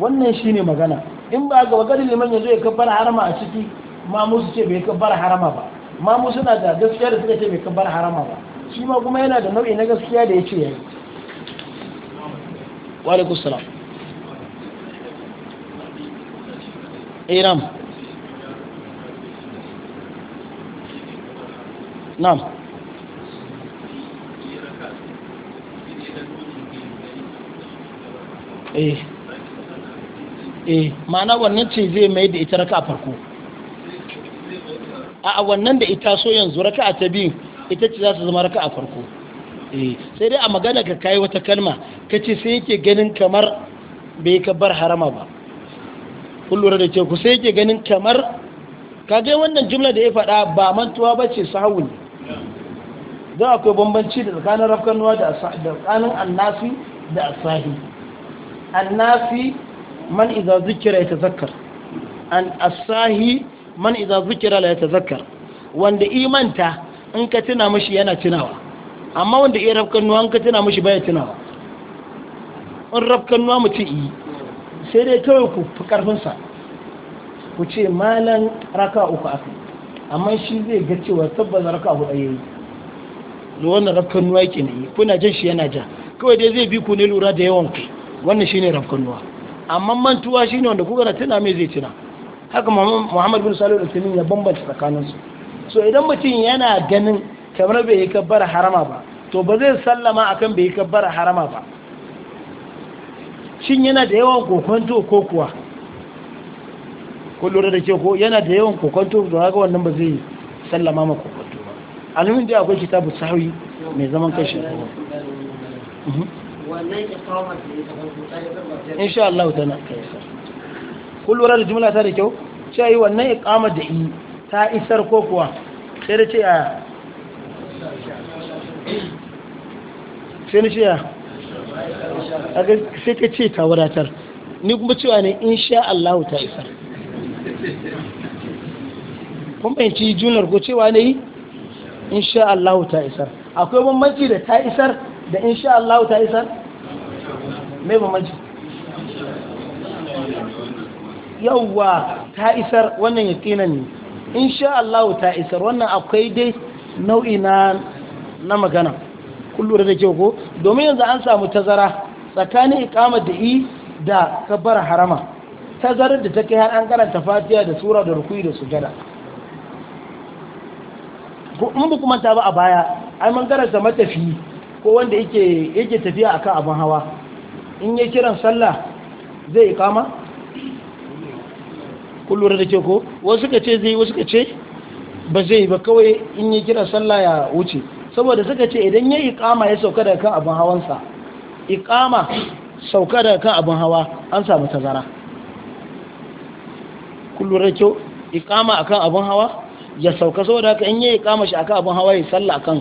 wannan shi ne magana in ba ga wakar liman ya zo ya kabbar harama a ciki mamu su ce bai kabbar harama ba mamu suna da gaskiya da suka ce bai kabbar harama ba shi ma kuma yana da nau'i na gaskiya da ya ce ya yi na'am eh eh ma'ana wannan ce zai mai da ita raka a farko a wannan da ita so yanzu raka ta biyu ita ce za su zama raka a farko eh, sai dai a magana ka kai wata kalma ka ce sai yake ganin kamar bai ka bar harama ba kullura da ce ku sai yake ganin kamar kagai wannan jumla da ya faɗa ba mantuwa ba ce ne. don akwai bambanci da tsakanin rafkanuwa da tsakanin annafi da asahi annafi man iza zikira ya tazakar an asahi man iza zikira ya tazakar wanda imanta in ka tuna mashi yana tunawa amma wanda iya rafkanuwa in ka tuna mashi baya tunawa in rafkanuwa mutu yi sai dai kawai ku fi karfinsa ku ce malan raka uku aka amma shi zai ga cewa tabbas raka abu ɗaya yi da wannan rafkan nuwa yake ne kuna jan shi yana ja kawai dai zai bi ku ne lura da yawan ku wannan shi ne rafkan nuwa amma mantuwa ne wanda kuka na tuna mai zai tuna haka Muhammadu bin salo da tamin ya bambanta tsakanin su so idan mutum yana ganin kamar bai yi kabbara harama ba to ba zai sallama akan bai yi kabbara harama ba shin yana da yawan kokonto ko kuwa kullu da ke ko yana da yawan kokonto to haka wannan ba zai sallama ma kokonto ba alimin da akwai kitabu sahwi mai zaman kashi mhm. insha Allah ta na kullu da jumla ta da kyau cewa yi wannan ikama da yi ta isar ko kuwa sai da ce a sai da ce a sai ka ce ta wadatar ni kuma cewa ne insha Allah ta isar Kuma kun ci junar ko cewa ne insha Allah ta isar akwai bambanci da ta isar da Insha'allahu Allah ta isar mai bambanci yawwa ta isar wannan yaqinan ne Insha'allahu Allah ta isar wannan akwai dai nau'i na magana kullum da ke ko domin yanzu an samu tazara tsakanin ikamar da yi da kabbar harama tazarar da ta kai har an karanta Fatiya da sura da rukui da sujada in ba kuma ta ba a baya ai man karanta matafi ko wanda yake yake tafiya akan abin hawa in yi kiran sallah zai yi kama kullum da ke ko wasu ka ce zai wasu ka ce ba zai ba kawai in yi kiran sallah ya wuce saboda suka ce idan ya iqama ya sauka daga kan abin hawansa iqama sauka daga kan abin hawa an samu tazara kullu da kyau ikama akan abun hawa ya sauka saboda haka in ya ikama shi akan abun hawa ya salla akan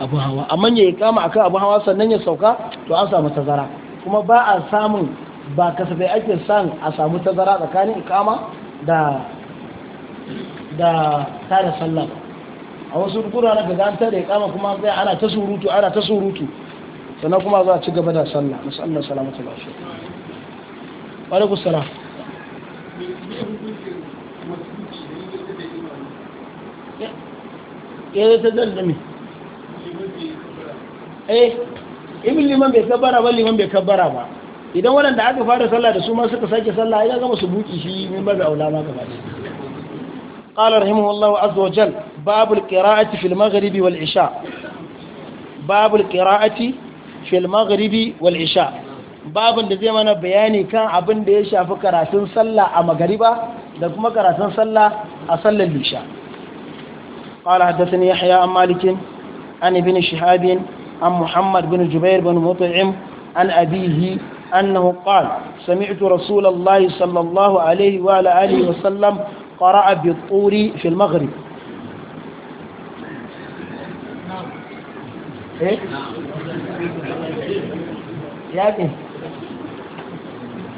abun hawa amma ya ikama akan abun hawa sannan ya sauka to an samu tazara kuma ba a samun ba kasafai ake san a samu tazara tsakanin ikama da da tare sallah a wasu na ga an da ikama kuma sai ana ta surutu ana ta surutu sannan kuma za a ci gaba da sallah musallar salamatu lafiya wa alaikum salam ya zai eh liman bai kabbara ba liman bai kabbara ba idan waɗanda aka fara sallah da su ma suka sake sallah ya gama su buki shi min babu aula ma gaba qala rahimahullahu azza wa jal babul ƙira'ati fil wal isha fil wal isha babin da zai mana bayani kan abin da ya shafi karatun sallah a magariba da kuma karatun sallah a sallar lisha. Ƙwala haddasin ya an malikin, an ibini shahabin, an Muhammad bin Jubair bin Mutu'im, an abihi, an na hukwal, sami'itu Rasulallah sallallahu Alaihi wa Alaihi wasallam ƙwara a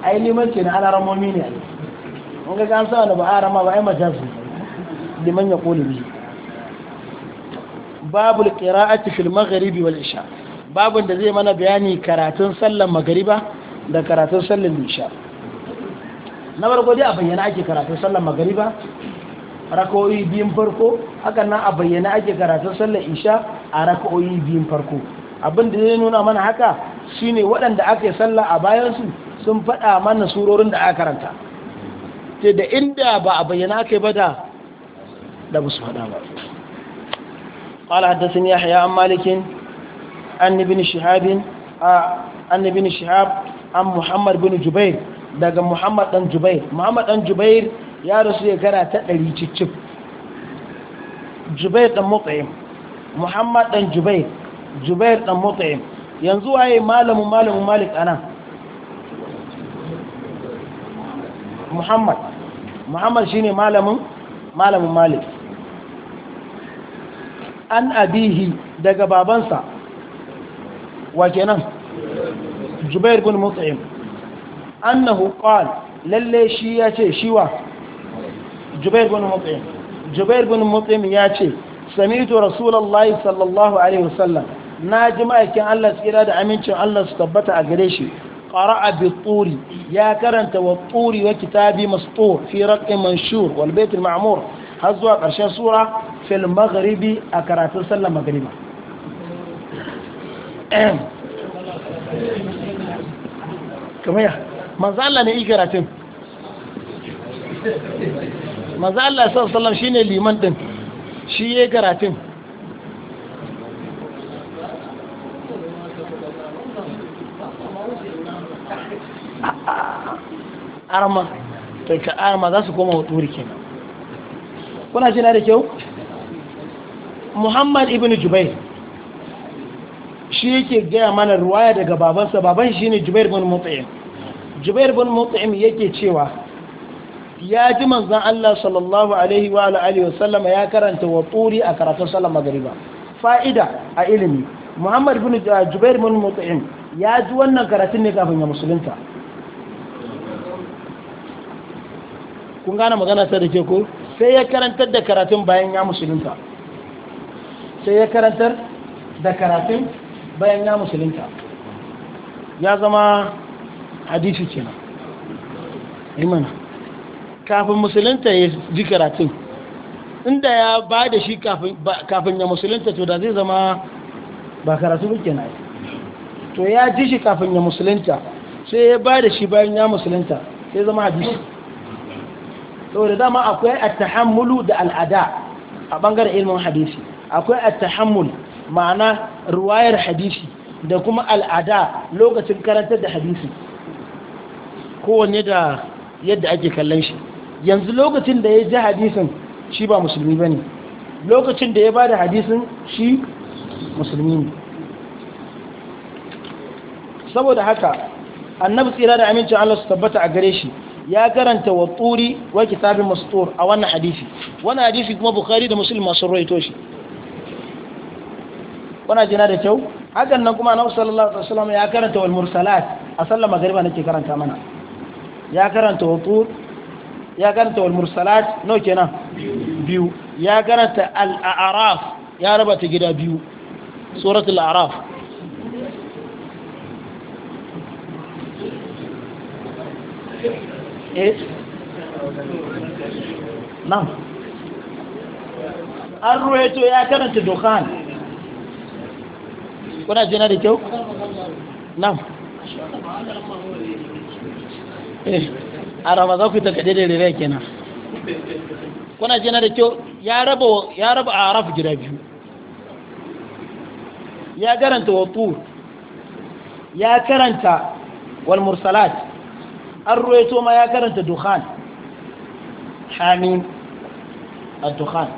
ai ce na ana ramomi ne an ga kan sa da ba a rama ba ai majazu liman ya kula bi babu qira'ati fil maghribi wal isha babun da zai mana bayani karatun sallan magariba da karatun sallan isha na farko dai a bayyana ake karatun sallan magariba rakoi biyun farko hakan nan a bayyana ake karatun sallar isha a rakoi biyun farko abin da zai nuna mana haka shine waɗanda ake sallah a bayansu sun faɗa mana surorin da aka karanta ce da inda ba a bayyana kai ba da da ba su faɗa ba قال حدثني يحيى an مالك عن ابن شهاب عن ابن شهاب an muhammad bin جبير daga Muhammad dan Jubair Muhammad dan Jubair ya rasu ya gara ta ɗari cicif Jubair dan Mut'im Muhammad dan Jubair Jubair dan Mut'im yanzu waye malamin malamin Malik anan muhammad muhammad shine malamin malamin malik an abihi daga babansa wa kenan jubair bin mut'im annahu qala lalle shi ya ce shiwa jubair bin mut'im jubair bin mut'im ya ce sami'tu rasulullahi sallallahu alaihi wasallam na ji ma'aikin Allah tsira da amincin Allah su tabbata a gare shi qara'a bi ya karanta wa turi wa kitabi mastur fi raqin manshur wal bait al ma'mur har zuwa ƙarshen sura fil maghribi a karatun sallar maghribi kamar ya manzo ne yi karatun manzo Allah sallallahu alaihi wasallam liman din shi yayi karatun arma to ka arma za su koma huduri kenan kuna jina da kyau muhammad ibn jubair shi yake gaya mana ruwaya daga babansa baban shi ne jubair bin mut'im jubair bin mut'im yake cewa ya ji manzan Allah sallallahu alaihi wa sallama wasallama ya karanta wa turi a karatun sallar magariba fa'ida a ilimi muhammad bin jubair bin mut'im ya ji wannan karatun ne kafin ya musulunta kun gane magana ta da ke ko sai ya karantar da karatun bayan ya musulunta sai ya karantar da karatun bayan ya musulunta ya zama hadisi kenan imana kafin musulunta ya ji karatun inda ya ba da shi kafin ya musulunta to da zai zama ba karatu ba yi to ya ji shi kafin ya musulunta sai ya ba da shi bayan ya musulunta sai zama hadisi saboda dama akwai attahammulu da al'ada a bangaren ilmin hadisi akwai attahammul ma'ana ruwayar hadisi da kuma al'ada lokacin karantar da hadisi kowanne da yadda ake kallon shi yanzu lokacin da ya ji hadisin shi ba musulmi ba ne lokacin da ya ba da hadisin shi musulmi ne saboda haka annabi tsira da amincin Allah su tabbata a gare shi ya karanta wa turi wa kitabin mastur a wannan hadisi wannan hadisi kuma bukhari da muslim masu rawaito shi wana jina da kyau hakan nan kuma annabi sallallahu alaihi wasallam ya karanta wal mursalat a sallar magriba nake karanta mana ya karanta wa tur ya karanta wal mursalat no kenan biyu ya karanta al a'raf ya raba ta gida biyu suratul a'raf eh nan an ruwaito ya karanta dukkan. kuna jina da kyau nan eh, a ramaza ku ta kaɗe da rere kenan kuna jina da kyau ya raba a rafi gida biyu ya karanta wa ya karanta wal mursalat an ruwaito ma ya karanta dukhan hamim a dukhan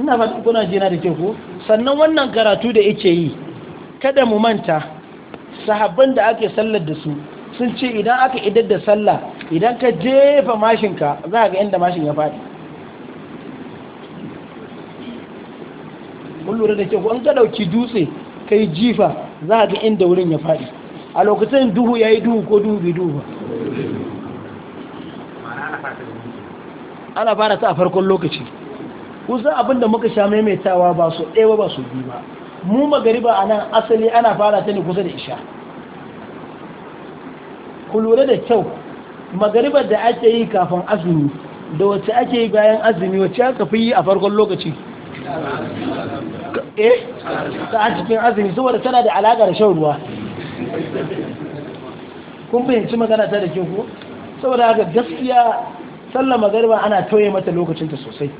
ina ba kuna jina da ke ku sannan wannan karatu da yake yi kada mu manta sahabban da ake sallar da su sun ce idan aka idar da sallah idan ka jefa mashinka za ga inda mashin ya faɗi kun lura da ke ku an ka ɗauki dutse kai jifa za ga inda wurin ya faɗi a lokacin duhu ya yi duhu ko duhu bai duhu ba ana fara ta a farkon lokaci kusa abinda muka sha maimaitawa ba su ɗewa ba su bi ba mu magariba a nan asali ana fara ta ne kusa da isha ku lura da kyau magaribar da ake yi kafin azumi da wacce ake yi bayan azumi wacce aka fi yi a farkon lokaci eh ta a cikin azumi saboda tana da alaƙar shan ruwa kun fahimci magana ta da ke ku saboda haka gaskiya sallar magariba ana tauye mata lokacinta sosai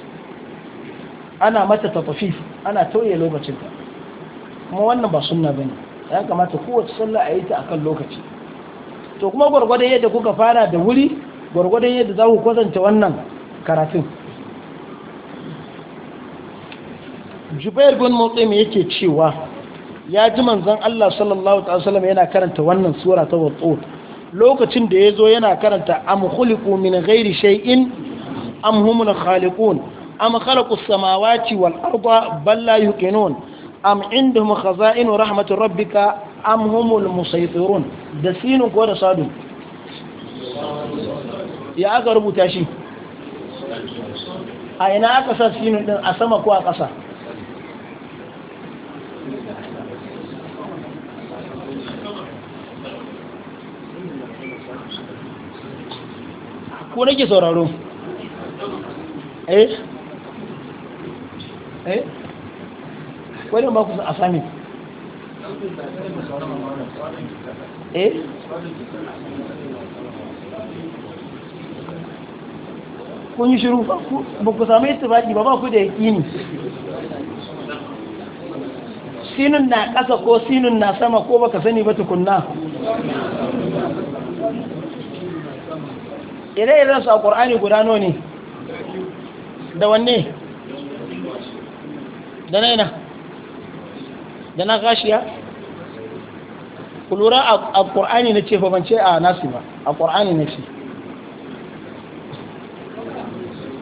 ana mata tafafi ana tauye lokacinta kuma wannan ba ba bane ya kamata kowace sallah a yi ta akan lokaci to kuma gwargwadon yadda kuka fara da wuri gwargwadon yadda za ku kwatanta wannan karatun jubair bin mai yake cewa ya ji manzon Allah sallallahu alaihi yana karanta wannan sura ta wato. lokacin da ya zo yana karanta amhuliku min gairi shai'in am humul khaliqun am khalaqu Balla yi wal arda inda la yuqinun am rabbika am humul da sinin ko da sadun ya aka rubuta shi a ina aka sa sinin din a sama ko a ƙasa ko nake sauraro eh eh wani ba ku asami eh kun yi shiru ba ku sami istifaki ba ba ku da ya kini? sinun na ƙasa ko sinun na sama ko baka sani ba tukunna ire-iren su a ƙorani guda nawa ne da wanne da na ina da na gashiya kulura a ƙorani na ce babance a nasi ba a ƙorani na ce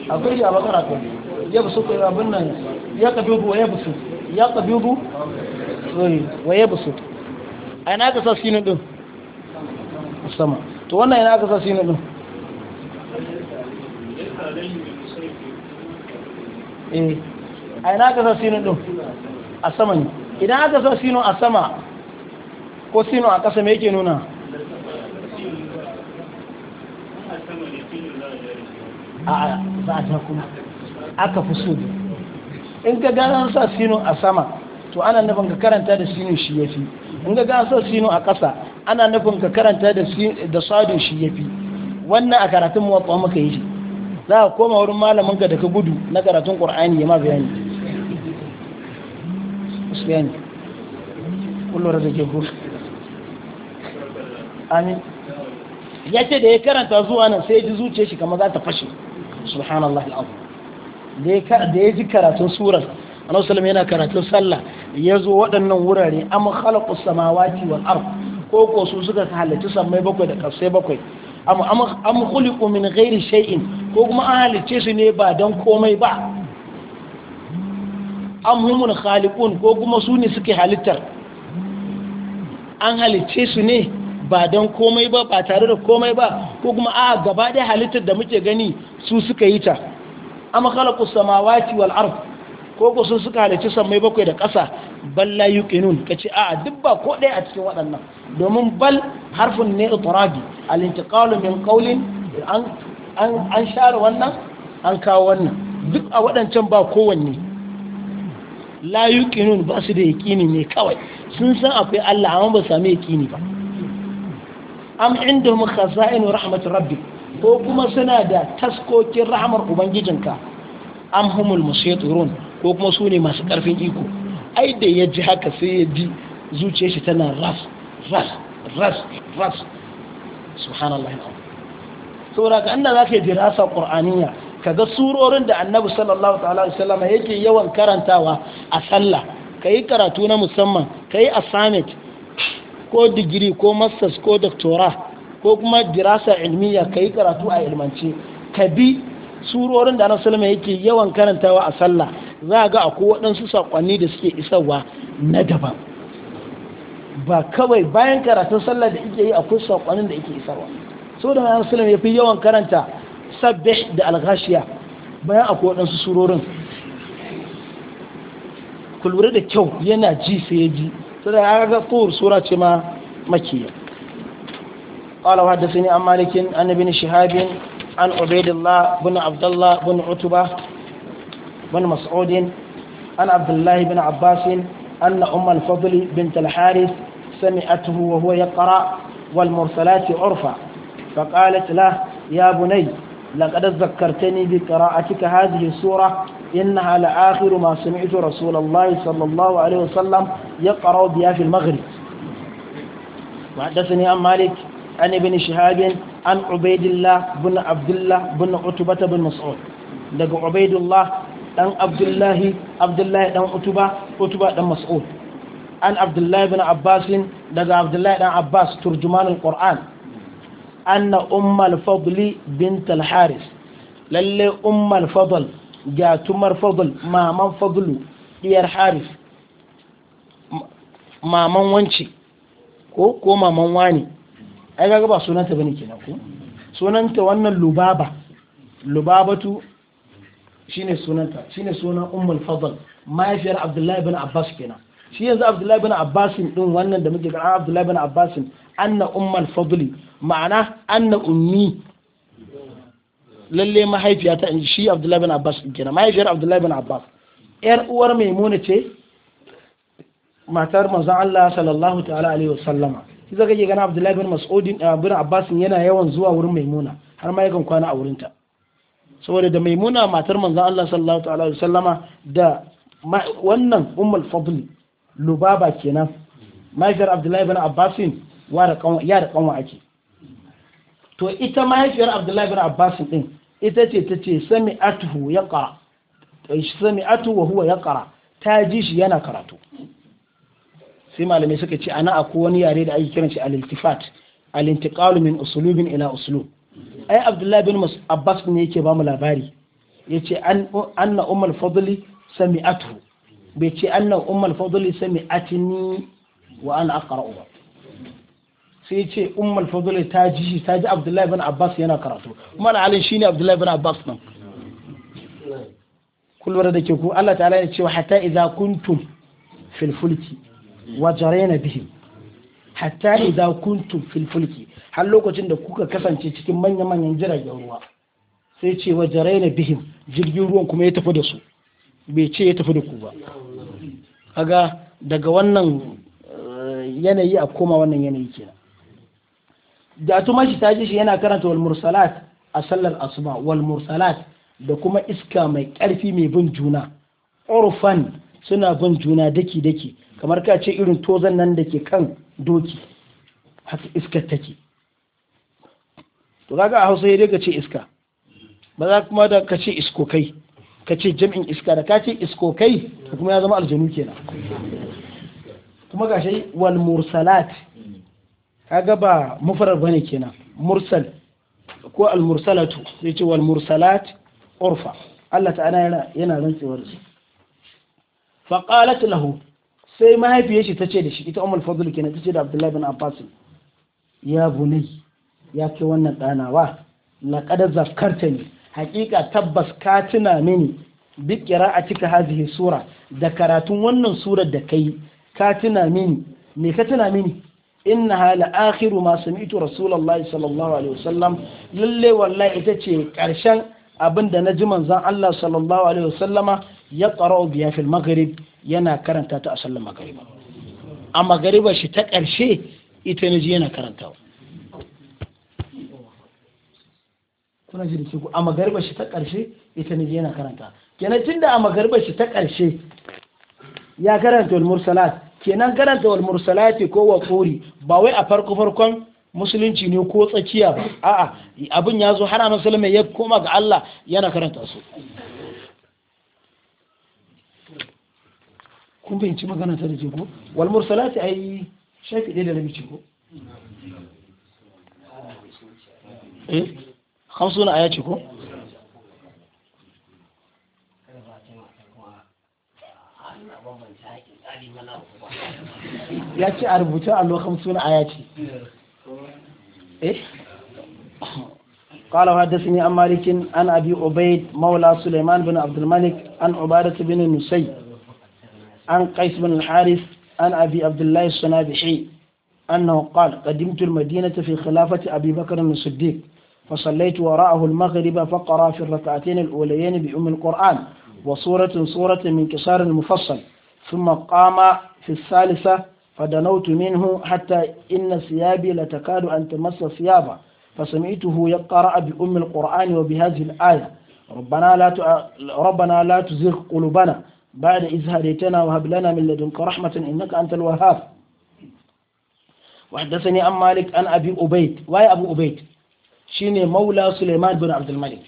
a kurji a bakara ko ya busu kuri abin nan ya kabibu wa ya busu ya kabibu wa ya busu a yana aka sa sinu ɗin? sama to wannan yana aka sa sinu ɗin? eh a ina aka sinu sinin din a sama ne idan aka sa sinin a sama ko sinu a ƙasa me yake nuna a za a kuma aka fi so in ka gana sa sinu a sama to ana nufin ka karanta da sinu shi ya fi in ka gana sa sinu a ƙasa ana nufin ka karanta da sadu shi ya fi wannan a karatun muwatsa muka yi shi za a koma wurin malamin ka da ka gudu na karatun qur'ani ya ma bayani bayani da amin ya ce da ya karanta zuwa nan sai ji zuce shi kama za ta fashe subhanallah al'adu da ya ji karatun surar annabi salam yana karatun sallah ya zo waɗannan wurare an khalaqus samawati wal ard ko ko su suka halittu samai bakwai da kasai bakwai am khuliqu min ghairi shay'in ko kuma an halice su ne ba dan komai ba am humul khaliqun ko kuma su ne suke halittar an halice su ne ba dan komai ba ba tare da komai ba ko kuma a gaba halittar da muke gani su suka yi ta am khalaqus samawati wal ardh ko ko sun suka halarci sammai bakwai da ƙasa bal la yuqinun kace a duk ba ko dai a cikin waɗannan domin bal harfun ne itirabi al intiqalu min qawlin an an an share wannan an kawo wannan duk a waɗancan ba kowanne la yuqinun ba su da yaqini ne kawai sun san akwai Allah amma ba su sami yaqini ba am indahum khaza'in rahmat rabbi ko kuma suna da taskokin rahmar ubangijinka am humul musaytirun ko kuma su ne masu karfin iko ai da ya ji haka sai ya ji zuciya shi tana ras ras ras ras subhanallah saboda ka za ka yi dirasa qur'aniya ga surorin da annabi sallallahu ta'ala alaihi yake yawan karantawa a sallah kai karatu na musamman kai assignment ko digiri ko masters ko doctora ko kuma dirasa ilmiya kai karatu a ilmance ka bi surorin da annabi sallallahu yake yawan karantawa a sallah za a ga akwai waɗansu saƙonni da suke isarwa na daban ba kawai bayan karatun sallah da ike yi akwai saƙonin da ike isarwa sau da mayan musulun ya fi yawan karanta sabbih da alghashiya bayan akwai waɗansu surorin kulwuri da kyau yana ji sai ya ji sau da ya ga tur sura ce ma makiya قال وحدثني عن مالك عن ابن شهاب عن عبيد الله بن عبد الله بن عتبه بن مسعود عن عبد الله بن عباس أن أم الفضل بنت الحارث سمعته وهو يقرأ والمرسلات عرفا فقالت له يا بني لقد ذكرتني بقراءتك هذه السورة إنها لآخر ما سمعت رسول الله صلى الله عليه وسلم يقرأ بها في المغرب وحدثني عن مالك عن ابن شهاب عن عبيد الله بن عبد الله بن عتبة بن مسعود دق عبيد الله dan abdullahi abdullahi dan utuba utuba dan mas'ud an abdullahi bin abbas daga abdullahi dan abbas turjuman alquran anna umm alfadl bint alharis lalle alfadl ga tumar fadl maman fadl diyar haris maman wanci ko ko maman wani ai kaga ba sunanta bane kenan ko sunanta wannan lubaba lubabatu shine sunanta shine sunan ummul fadl mahaifiyar abdullahi bin abbas kenan shi yanzu abdullahi bin abbas din wannan da muke ga ah, abdullahi bin abbas anna ummul fadli ma'ana anna ummi lalle mahaifiyata in shi abdullahi bin abbas din kenan mahaifiyar abdullahi bin abbas yar uwar maimuna ce matar manzon Allah sallallahu ta'ala alaihi wasallama shi zaka ga gana abdullahi bin mas'udin ah, bin abbas yana yawan zuwa wurin maimuna har ma yakan kwana a wurinta saboda da maimuna matar manzan Allah sallallahu alaihi wasallama da wannan ummul fadl lubaba kenan mahaifiyar abdullahi bin abbasin ya da kanwa ake to ita mahaifiyar abdullahi bin abbasin din ita ce ta ce sami atuhu ya kara sami atuhu wa huwa ya kara ta ji shi yana karatu sai malamai suka ce ana akwai wani yare da ake kiran shi al-iltifat al-intiqalu min usulubin ila usulub ai abdullahi bin abbas ne yake ba mu labari ya ce an na umar fadli sami atu bai ce an na umar fadli sami atini wa ana akara uba, sai ce umar fadli ta ji shi ta ji abdullahi bin abbas yana karatu mana alin ne abdullahi bin abbas nan kullum da ke ku Allah ta'ala ya ce hatta idza kuntum fil fulki wa jarayna bihim hatta idza kuntum fil fulki har lokacin da kuka kasance cikin manya-manyan jiragen ruwa sai ce wa jarai na bihim jirgin ruwan kuma ya tafi da su bai ce ya tafi da ku ba kaga daga wannan eh, yanayi a koma wannan yanayi kenan da tuma shi ta ji shi yana karanta wal mursalat a sallar asuba wal mursalat da kuma iska mai ƙarfi mai bin juna orfan suna bin juna daki daki kamar ka ce irin tozan nan da ke kan doki haka iskar take to kaga a hausa dai ka ce iska ba za kuma da ka ce iskokai ka ce jam'in iska da ka ce iskokai kuma ya zama aljanu kenan kuma walmursalat, wal mursalat kaga ba mufarar bane kenan mursal ko al mursalatu sai ce wal mursalat urfa Allah ta'ala yana yana rantsewa da su fa lahu sai mahaifiyar shi tace da shi ita ummul fadl kenan tace da Abdullahi bin Abbas ya bunai ya ce wannan ɗanawa laƙada zafkarta ne haƙiƙa tabbas ka tuna mini duk kira a cika hazihi sura da karatun wannan surar da kai ka tuna mini me ka tuna mini inna hala akhiru ma sami'tu rasulullahi sallallahu alaihi wasallam lalle wallahi ita ce ƙarshen abin da na ji manzon Allah sallallahu alaihi wasallama ya qara'u biya fil maghrib yana karanta ta a sallar maghrib a magariba shi ta ƙarshe ita ne ji yana karantawa kuna ji da ke a magarba shi ta ƙarshe ita ne yana karanta kenan tunda a magarba shi ta ƙarshe ya karanta wal mursalat kenan karanta wal ko wa quri ba wai a farko farkon musulunci ne ko tsakiya ba a'a abin ya zo har annabi sallama ya koma ga Allah yana karanta su kun ci magana ta da ke ko wal mursalati ai shafi ɗaya da rabi ko eh خمسون آية شكو يا ya ce a خمسون آية hamsin قال وحدثني عن مالك عن ابي عبيد مولى سليمان بن عبد الملك عن عباده بن النسي عن قيس بن الحارث عن ابي عبد الله الصنابحي انه قال قدمت المدينه في خلافه ابي بكر الصديق فصليت وراءه المغرب فقرأ في الركعتين الأوليين بأم القرآن وصورة صورة من كسار المفصل ثم قام في الثالثة فدنوت منه حتى إن ثيابي لتكاد أن تمس ثيابه فسمعته يقرأ بأم القرآن وبهذه الآية ربنا لا ربنا لا تزغ قلوبنا بعد إذ هديتنا وهب لنا من لدنك رحمة إنك أنت الوهاب وحدثني عن مالك عن أبي أبيد واي أبو أبيد shine maula Suleiman bin Abdulmalik.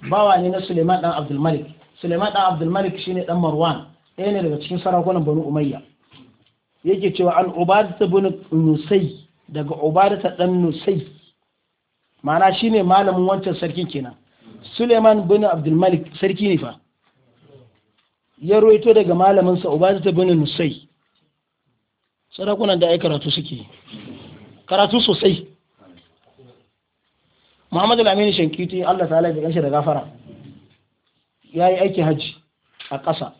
Malik bawa ne na Suleiman dan Abdulmalik. Suleiman dan Abdulmalik shine dan Marwan ɗaya ne daga cikin sarakunan Banu Umayya yake cewa an ubadata bin nusai daga ubadata dan nusai ma'ana shine malamin wancan sarkin kenan Suleiman bin Abdulmalik sarki ne fa ya roito daga malaminsa ubadata bin nusai sarakunan da ai karatu suke karatu sosai muhammadu lamini shankiti allah ta'ala da kanshi da gafara ya yi aiki hajji a ƙasa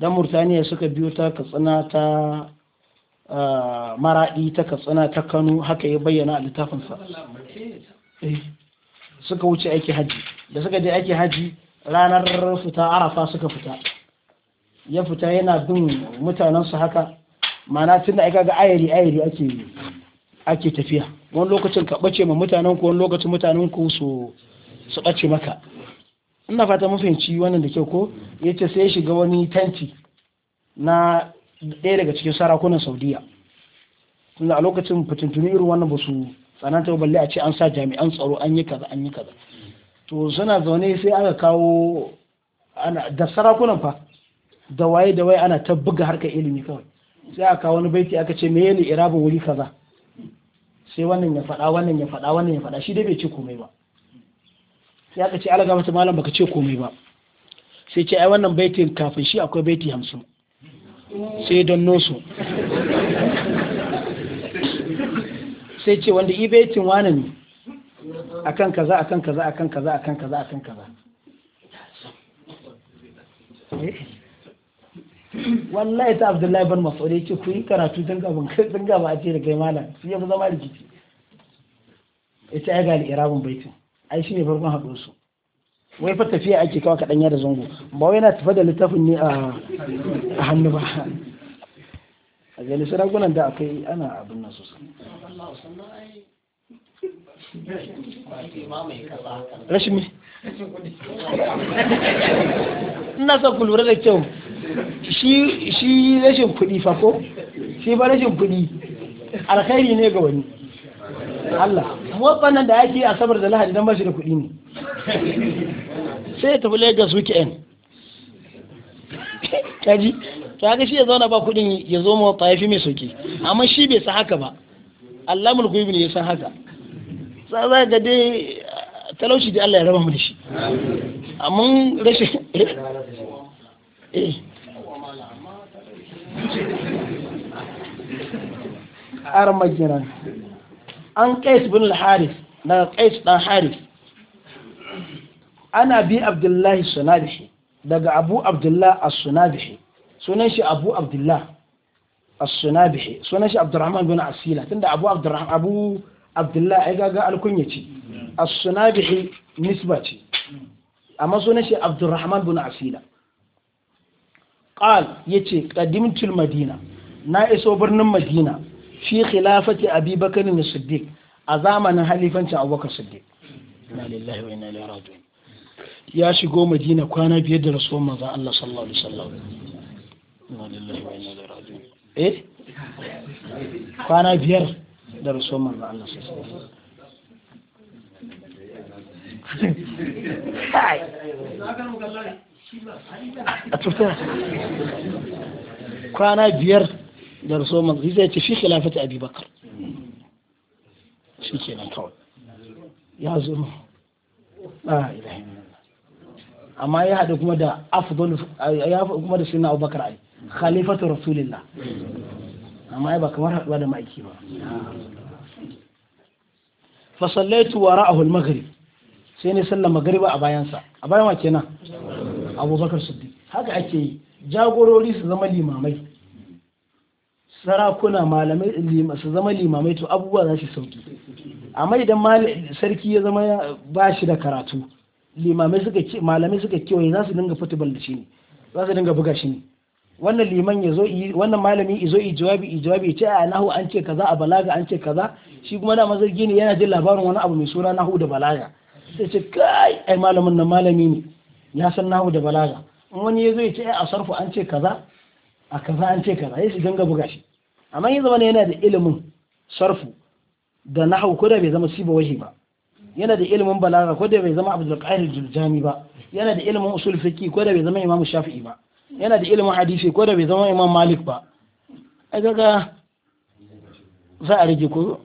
don murtaniya suka biyo ta katsina ta ah, maraɗi ta katsina ta kano haka ya bayyana a littafinsa eh, suka wuce aiki hajji da suka je aiki hajji ranar fita arafa suka fita ya fita yana bin mutanensu haka mana tun da aka ga ayari ayari ake tafiya wani lokacin ka ɓace ma mutanen ku wani lokacin mutanen ku su su ɓace maka ina fata mafahimci wannan da kyau ko ya ce sai ya shiga wani tanti na ɗaya daga cikin sarakunan saudiya tunda a lokacin fitintuni irin wannan ba su tsananta balle a ce an sa jami'an tsaro an yi kaza an yi kaza to suna zaune sai aka kawo da sarakunan fa da waye da waye ana ta buga harkar ilimi kawai sai aka kawo wani baiti aka ce me ne Irabu wuri kaza sai wannan ya faɗa wannan ya faɗa wannan ya faɗa shi dai bai ce komai ba sai aka ce alaga mata malam baka ce komai ba sai ce ai wannan baitin kafin shi akwai baiti hamsin sai don noso sai ce wanda i baitin wani ne akan kaza akan kaza akan kaza akan kaza akan kaza eh. wallahi ta abdullahi ban mas'ud ce ku yi karatu tun gaban tun gaba a ce da kai malam su yi zama rikici ita ai ga al'irabun baitin ai shine farkon haɗo su wai fa tafiya ake kawo kaɗan da zango ba wai na tafa da littafin ne a hannu ba a gani sarakunan da akai ana abin nan sosai rashin ina son ku lura da kyau shi rashin kuɗi fa ko shi ba rashin kuɗi alkhairi ne ga wani Allah waɗannan da ake a sabar da lahadi don ba shi da kuɗi ne sai tafi Lagos weekend kaji to haka shi ya zauna ba kuɗin ya zo mawa tayafi mai soki amma shi bai san haka ba Allah mulku ibn ya san haka sai za ga dai talauci da Allah ya raba mu da shi amun rashin eh. arma kenan an kais bin al-haris daga kais dan haris ana bi abdullahi sunabihi daga abu abdullah as-sunabihi sunan shi abu abdullah as-sunabihi sunan shi abdurrahman bin asila tunda abu abdurrahman abu abdullah ai gaga alkunya ce as-sunabihi nisba ce amma sunan shi abdurrahman bin asila qal yace qadimtul madina na iso birnin madina fi khilafati abi bakr siddiq a zamanin halifancin abubakar siddiq inna lillahi wa inna ilaihi raji'un ya shigo madina kwana biyar da rasuwar Allah sallallahu alaihi wasallam inna lillahi wa inna ilaihi raji'un eh kwana biyar da Allah sallallahu alaihi wasallam kai a tuta kwana biyar da raso manzo zai ce shi khilafati abi bakar shi kenan kawai ya zo la ilaha amma ya haɗu kuma da afdol ya kuma da sunna abubakar ali khalifatu rasulillah amma ya ba kamar haɗuwa da ma'aiki ba fa sallaitu wara'ahu al-maghrib sai ne sallar magariba a bayansa a bayan wa kenan abubakar siddiq haka ake yi jagorori su zama limamai sarakuna malamai su zama limamai to abubuwa za su sauki amma idan sarki ya zama ba shi da karatu limamai suka malamai suka kewaye za su dinga football da shi ne za su dinga buga shi ne wannan liman ya zo wannan malami ya zo jawabi i jawabi ce a nahu an ce kaza a balaga an ce kaza shi kuma da mazargi ne yana jin labarin wani abu mai suna nahu da balaga sai ce kai ai malamin nan malami ne ya san nahu da balaga in wani ya zo ya ce a sarfu an ce kaza a kaza an ce kaza ya shi ganga buga shi amma yanzu wani yana da ilimin sarfu da nahu ko da bai zama siba wahi ba yana da ilimin balaga ko da bai zama abdul qahir jurjani ba yana da ilimin usul fiqi ko da bai zama imamu shafi'i ba yana da ilimin hadisi ko da bai zama imam malik ba ai kaga za a rage ko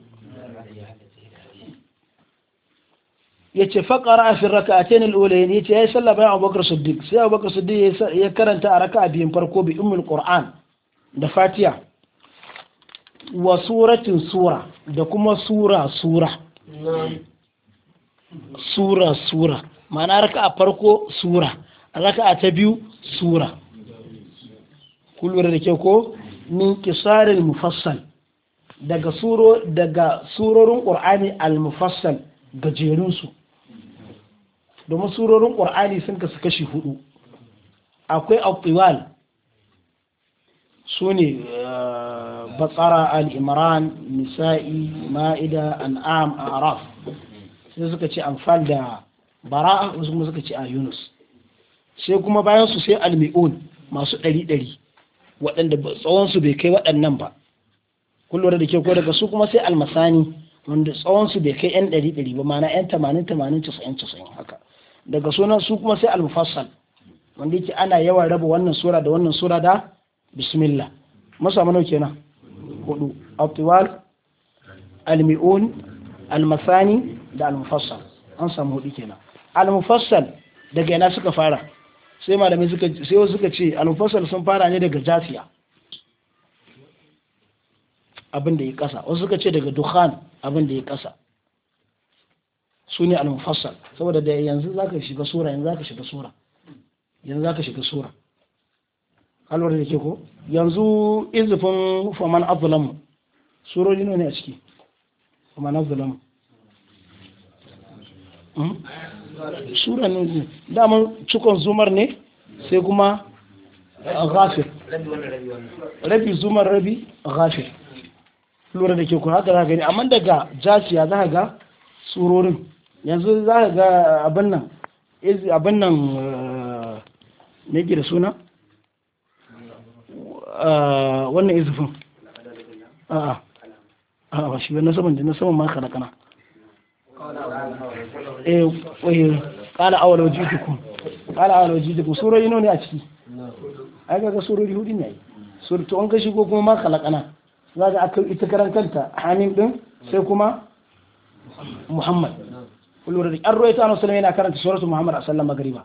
Yace ce faƙara a fi raka a tenin olayen ya ce ya yi sallah bayan abubakar siddiq sai abubakar siddiq ya karanta a raka a biyun farko bi umul qur'an da fatiya wa suratin sura da kuma sura sura sura sura ma'ana raka farko sura raka'a ta biyu sura kulwar da ke ko min kisarin mufassal daga surorin ƙur'ani al-mufassal gajerunsu domin surorin ƙur'ani sun kasu kashi hudu akwai al su ne eh, batsara al-imran nisa'i ma'ida an'am araf sai suka ce amfal da bara'a wasu kuma suka ce a yunus sai kuma bayan su sai al-mi'un masu ɗari-ɗari waɗanda tsawonsu bai kai waɗannan ba kullum da ke ko daga su kuma sai almasani wanda tsawonsu bai kai yan ɗari ɗari ba mana yan tamanin tamanin casa'in casa'in haka daga sunan su kuma sai al-mufassal wanda yake ana yawan raba wannan sura da wannan sura da bismillah masa mana kenan hudu al-tiwal al-mi'un al-masani da al-mufassal an samu hudu kenan al-mufassal daga yana suka fara sai malamai suka sai wasu suka ce al-mufassal sun fara ne daga jafiya abin da ya kasa wasu suka ce daga duhan abin da ya kasa su ne al-mufassal saboda da yanzu zaka shiga sura yanzu zaka shiga sura yanzu zaka shiga sura alwar da ke ko yanzu izufin faman azlamu surori ne a ciki faman azlamu hmm? sura ne mun cikon zumar ne sai kuma ghafir rabi zumar rabi ghafir lura da ke kuna haka za gani amma daga jasiya za ga surorin yanzu za ka ga abin nan abin nan eh, me ke da suna eh, wannan izufin a'a a ba shi na saman na saman ma kana kana eh, kwaye kala awalo jitukum kala awalo jitukum surori ne a ciki a ga surori hudu ne surtu an kashi ko kuma ma kana za ka ita karan kanta hannun din sai kuma muhammad kullum da an ruwaito annabi sallallahu yana karanta suratul muhammad a sallar magriba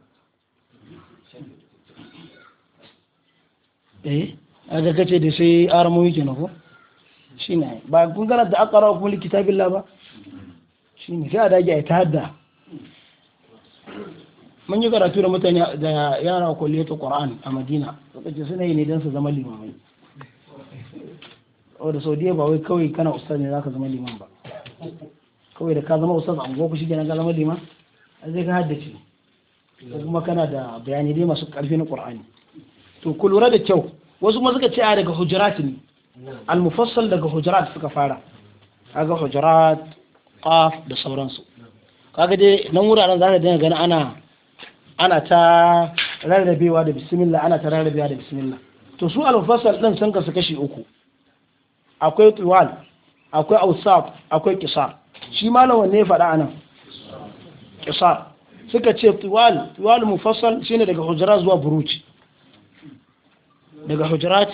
eh aga kace da sai aramu yake na ko shine ba kun gana da aqra kuma kitabillah ba shine sai a dage ai tahadda mun yi karatu da mutane da yara kulliyatu qur'an a madina suka ce suna yi ne dan su zama limamai o da saudiya ba wai kawai kana ustaz ne zaka zama liman ba kawai da ka zama ustaz ango ku shi na ga zama liman zai ka haddace ko kuma kana da bayani dai masu karfi na qur'ani to ku lura da kyau wasu ma suka ce a daga hujurat ne al-mufassal daga hujurat suka fara kaga hujurat qaf da sauransu kaga dai nan wuraren za ka dinga gani ana ana ta rarrabewa da bismillah ana ta rarrabewa da bismillah to su al-mufassal din sun kasu kashi uku akwai tuwal akwai ausaf akwai kisar shi malam wanne faɗa anan kisar suka ce tuwal tuwal mufassal shine daga hujurat zuwa buruj daga hujurat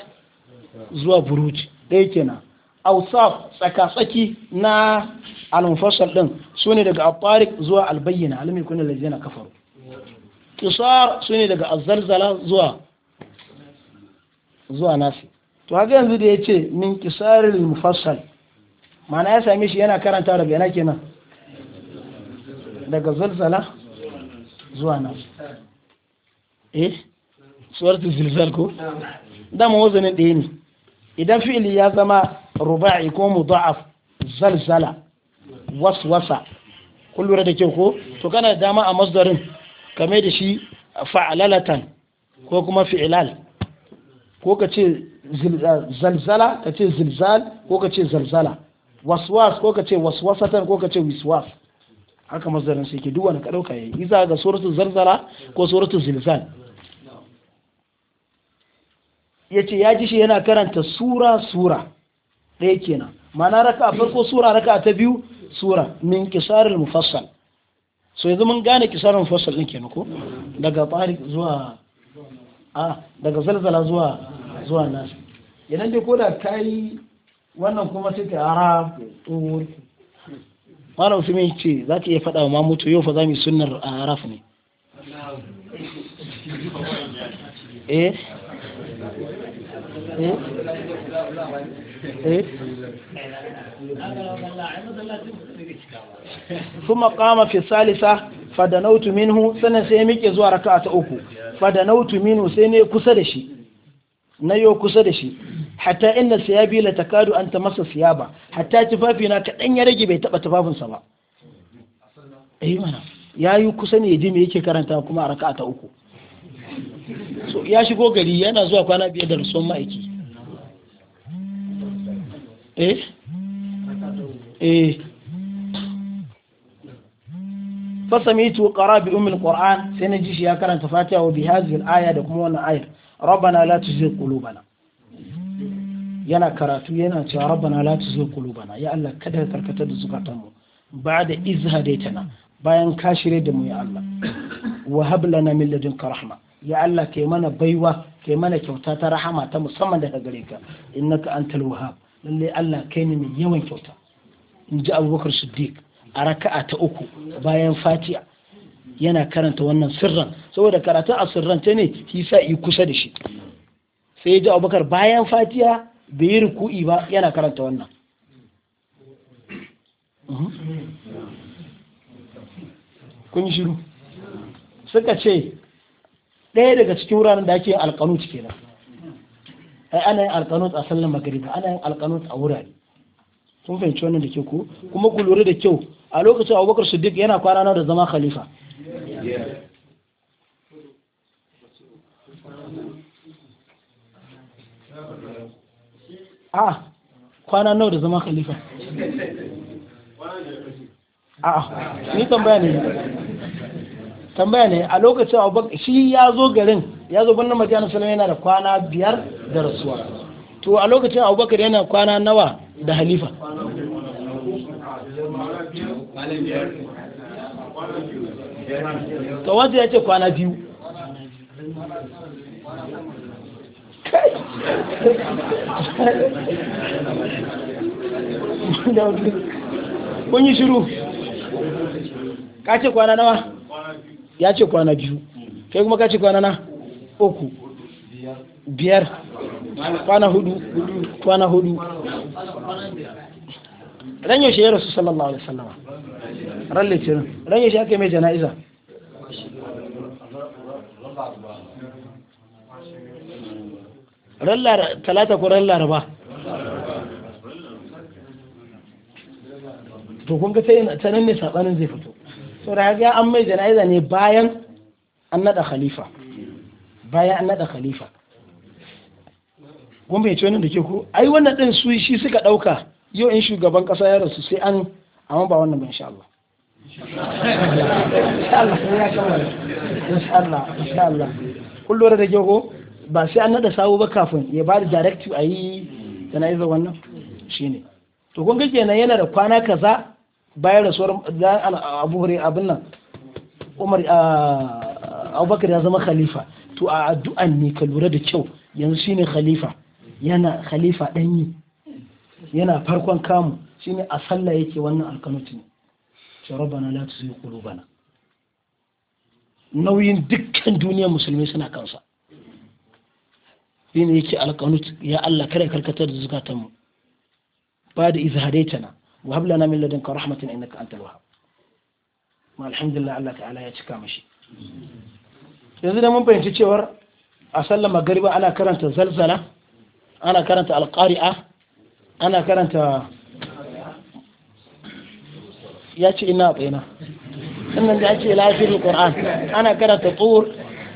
zuwa buruj Ɗaya kenan awsaf tsaka-tsaki na al-mufassal din sune daga al tariq zuwa al-bayyina alimi kun allazina kafaru qisar sune daga az-zalzala zuwa zuwa nasi to haka yanzu da yace min al mufassal mana ya same shi yana karanta da bena kenan daga zalzala zuwa nan eh da zulzal ko dama wazanin ɗaya ne idan fi'ili ya zama ruba'i ko mudha'af zalzala waswasa kun lura da kyau ko to kana da dama a masdarin kame da shi fa'alalatan ko kuma fi'ilal ko ka ce zalzala ka ce zilzal ko ka ce zalzala waswas ko ka ce waswasatan ko ka ce wiswas haka mazarin shi ke duk wani ka dauka yayi isa ga suratul zarzara ko suratul zilzal yace ya ji shi yana karanta sura sura ɗaya kenan ma'ana raka a farko sura raka ta biyu sura min kisarul mufassal so yanzu mun gane kisarul mufassal din kenan ko daga tsari zuwa a daga zalzala zuwa zuwa nas idan dai da kai wannan kuma sai ta ara tsohon malam su mai ce za ka iya faɗa wa mamutu yau fa za mu yi sunnar a ne eh eh kuma eh? kama fi salisa fadanautu minhu sannan sai ya miƙe zuwa raka'a ta uku fadanautu minhu sai ne kusa da shi na yau kusa da shi hatta inna siyabi la takadu an tamassa siyaba hatta tufafi na kadan ya rage bai taba tufafinsa ba eh mana yayi kusa ne ji me yake karanta kuma a raka'a ta uku so ya shigo gari yana zuwa kwana biyar da rusun ma'aiki eh eh fasamitu qara bi ummil qur'an sai na ji shi ya karanta fatiha wa bi hadhihi al-aya da kuma wannan ayat rabbana la tuzigh qulubana yana karatu yana cewa rabbana la tuzigh qulubana ya Allah kada ka karkatar da zukatan mu ba'da iz hadaitana bayan ka shirya da mu ya Allah wa hab lana min ladunka rahma ya Allah kai mana baiwa kai mana kyauta ta rahama ta musamman daga gare ka innaka antal wahhab lalle Allah kai ne mai yawan kyauta in ji Abubakar Siddiq a raka'a ta uku bayan Fatiha yana karanta wannan sirran saboda karatu a ta ne shi sa yi kusa da shi sai ya ji abubakar bayan fatiya bai yi ruku'i ba yana karanta wannan mhm. kun shiru suka ce ɗaya daga cikin wuraren da ake alkanut nan ai ana yin alkanut a sallar magariba ana yin alkanut a wurare kun fahimci wannan da ke ko kuma ku lura da kyau a lokacin abubakar siddiq yana kwana da zama khalifa Yeah. Ah, kwana nawa da zama khalifa? Ah, ah, ni tambaya ne. Tambaya ne a lokacin Abubakar shi ya zo garin, ya zo birnin Madina salama yana da kwana biyar da rasuwa. To a lokacin Abubakar yana kwana nawa da halifa? to wanda ya ce kwana biyu kun shiru ka ce kwana nawa ya ce kwana biyu kai kuma ka ce kwana na uku biyar kwana hudu kwana hudu ran yaushe ya rasu sallallahu alaihi sallama ran litinin ran yaushe aka yi mai jana'iza talata ko ran laraba to kun ga sai ta nan ne sabanin zai fito to da ga an mai jana'iza ne bayan an nada khalifa bayan an nada khalifa kun bai ce wannan da ke ko ai wannan din su shi suka dauka yau in shugaban kasa ya rasu sai an amma ba wannan ba insha Allah insha Allah kun lura da ko ba sai an nada sawu ba kafin ya ba da directive a yi jana'izar wannan shine to kun ga kenan yana da kwana kaza bayan rasuwar abu hore abin nan umar abubakar ya zama khalifa to a addu'an ne ka lura da kyau yanzu shine khalifa yana khalifa ɗanyi yana farkon kamu shine a sallah yake wannan alkanuti ne ce la tuzigh qulubana nauyin dukkan duniyar musulmi suna kansa shine yake alkanut ya Allah kare karkatar da zukatan mu ba da izhadaitana wa hab lana min ladunka rahmatan innaka antal wahhab ma alhamdulillah Allah ta'ala ya cika mashi yanzu da mun fahimci cewar a sallar magariba ana karanta zalzala ana karanta alkari'a ana karanta ya ce ina tsina sannan da ake lafiyar qur'an ana karanta tsur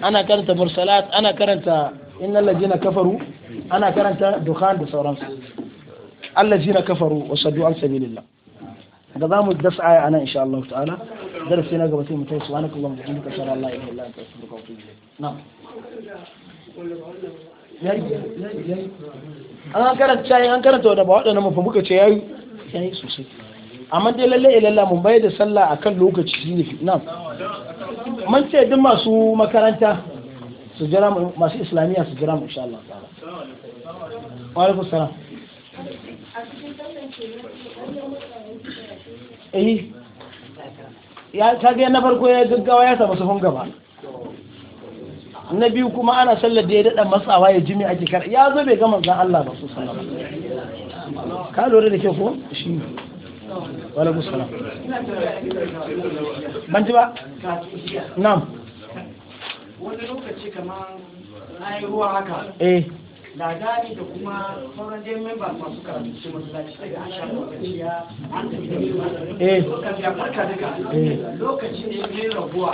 ana karanta mursalat ana karanta innal ladina kafaru ana karanta dukhan da sauransu allazina kafaru wa saddu an sabilillah Da za mu dasa aya anan insha Allah ta'ala darasi na gaba sai mu tayi subhanakallahumma wa bihamdika ashhadu an la ilaha illa anta astaghfiruka wa atubu ilayk na'am an karanta yayi an karanta da ba waɗanda mafi muka ce ya yi sosai amma dai lalle ilalla mun bai da sallah akan lokaci shi ne nan mun ce duk masu makaranta su jira masu islamiyya su jira mu insha Allah wa alaikum salam eh ya ta ga na farko ya gaggawa ya samu sufun gaba na biyu kuma ana sallar da ya daɗa matsawa ya jimi ake kar ya zo bai gama zan Allah ba su sallama ka lura da ke ko shi wala ku salam ban ji ba Nam. wani lokaci kamar yi ruwa haka eh gani da kuma sauran dai memba masu karatu ce masallaci sai an sha lokaci ya an tafi da shi eh lokaci ya farka daga eh. lokaci ne ne rabuwa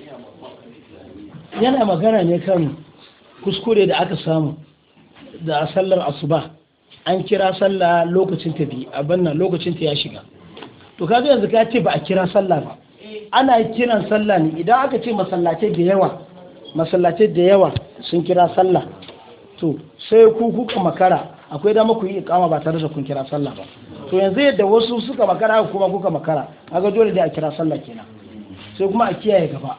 yana magana ne kan kuskure da aka samu da sallar asuba an kira sallah lokacin ta bi abin lokacin ta ya shiga to kaga yanzu ka ce ba a kira sallah ba ana kiran sallah ne idan aka ce masallace da yawa masallace da yawa sun kira sallah to sai ku kuka makara akwai dama ku yi ikama ba tare da kun kira sallah ba to yanzu yadda wasu suka makara kuma kuka makara kaga dole da a kira sallah kenan sai kuma a kiyaye gaba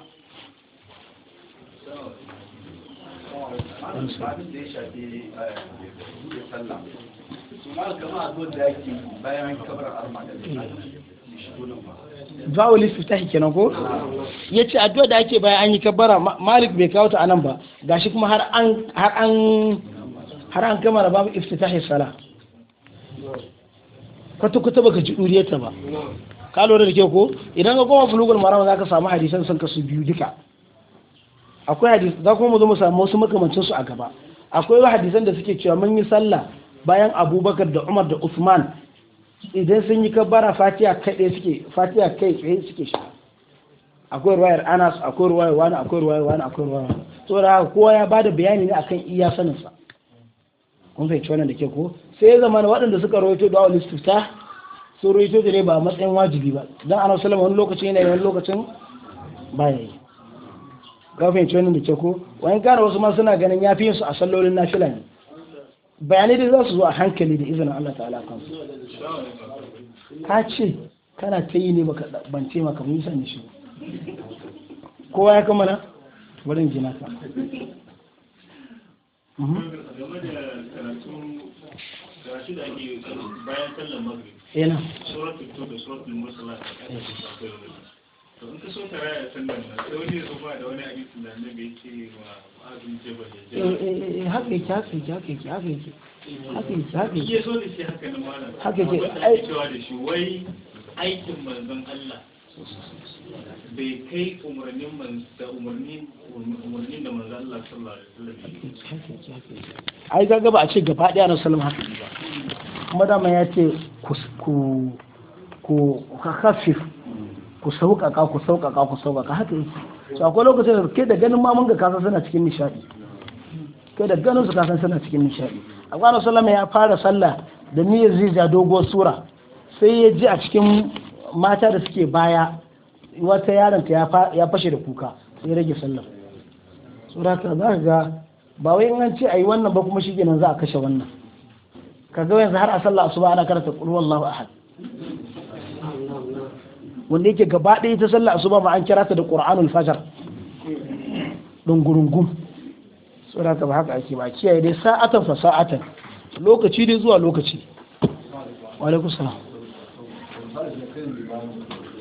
abin da ya eh, kenan ko? Ya ce addu'a da ake bayan an yi kabbara Malik bai kawo ta anan ba, gashi kuma har an har an gama babu iftitahi sala. Kwata-kwata baka ji ta ba. Ka lura da ke ko? Idan ka koma bulugul marama za ka samu hadisan sun kasu biyu duka. akwai hadis za kuma mu zo mu samu wasu makamancin su a gaba akwai hadisan da suke cewa mun yi sallah bayan abubakar da umar da usman idan sun yi kabbara fatiha kai tsaye suke fatiha kai tsaye suke shi akwai ruwayar anas akwai ruwayar wani akwai ruwayar wani akwai ruwayar wani to da kowa ya bada bayani ne akan iya sanin sa kun fahimci wannan da ke ko sai ya zama waɗanda suka rawaito da awal sufta sun rawaito da ne ba matsayin wajibi ba dan Ana sallama wani lokacin yana wani lokacin baya yi ka fahimci wannan da ke ko wani kara wasu ma suna ganin ya fi su a sallolin fila ne bayanai da za su zo a hankali da izinin Allah ta'ala kan su ka ce kana ta yi ne baka bance maka mun san shi kowa ya mhm. eh, na wurin jina ka bayan to in ka so ta raya nan sai wani ya ba da wani hadisin da annabi yake wa ma'azin jabal ya eh eh haka yake haka yake haka yake haka yake haka yake haka yake so da shi haka na malam haka yake ai cewa da shi wai aikin manzon Allah bai kai umarnin man da umarnin umarnin da manzon Allah sallallahu alaihi wasallam ai gaba a ce gaba daya na sallama haka ba kuma dama ya ce ku ku ku khafif ku sauƙaƙa ku sauƙaƙa ku sauƙaƙa haka yake so akwai lokacin da ke da ganin mamun ga kasan suna cikin nishaɗi ke da ganin su kasan suna cikin nishaɗi akwai rasulama ya fara sallah da niyya zai ja doguwar sura sai ya ji a cikin mata da suke baya wata ta ya fashe da kuka sai ya rage sallar sura ta za ga ba wai in an ce a yi wannan ba kuma shi kenan za a kashe wannan ka ga yanzu har a sallah asuba ana karanta qul lahu ahad wanda yake gaba ɗaya ta sallah asuba ma an kira ta da qur'anul don dungurungum saboda ka ba haka ake ba kiyaye dai sa'atan fa sa'atan lokaci dai zuwa lokaci wa alaikum salam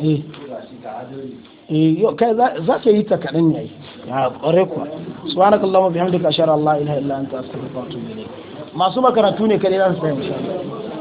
eh eh kai za ka yi ta kadan yayi ya kware ku subhanakallahumma bihamdika ashhadu an la ilaha illa anta astaghfiruka wa atubu ilayk masu makarantu ne kadai za su Allah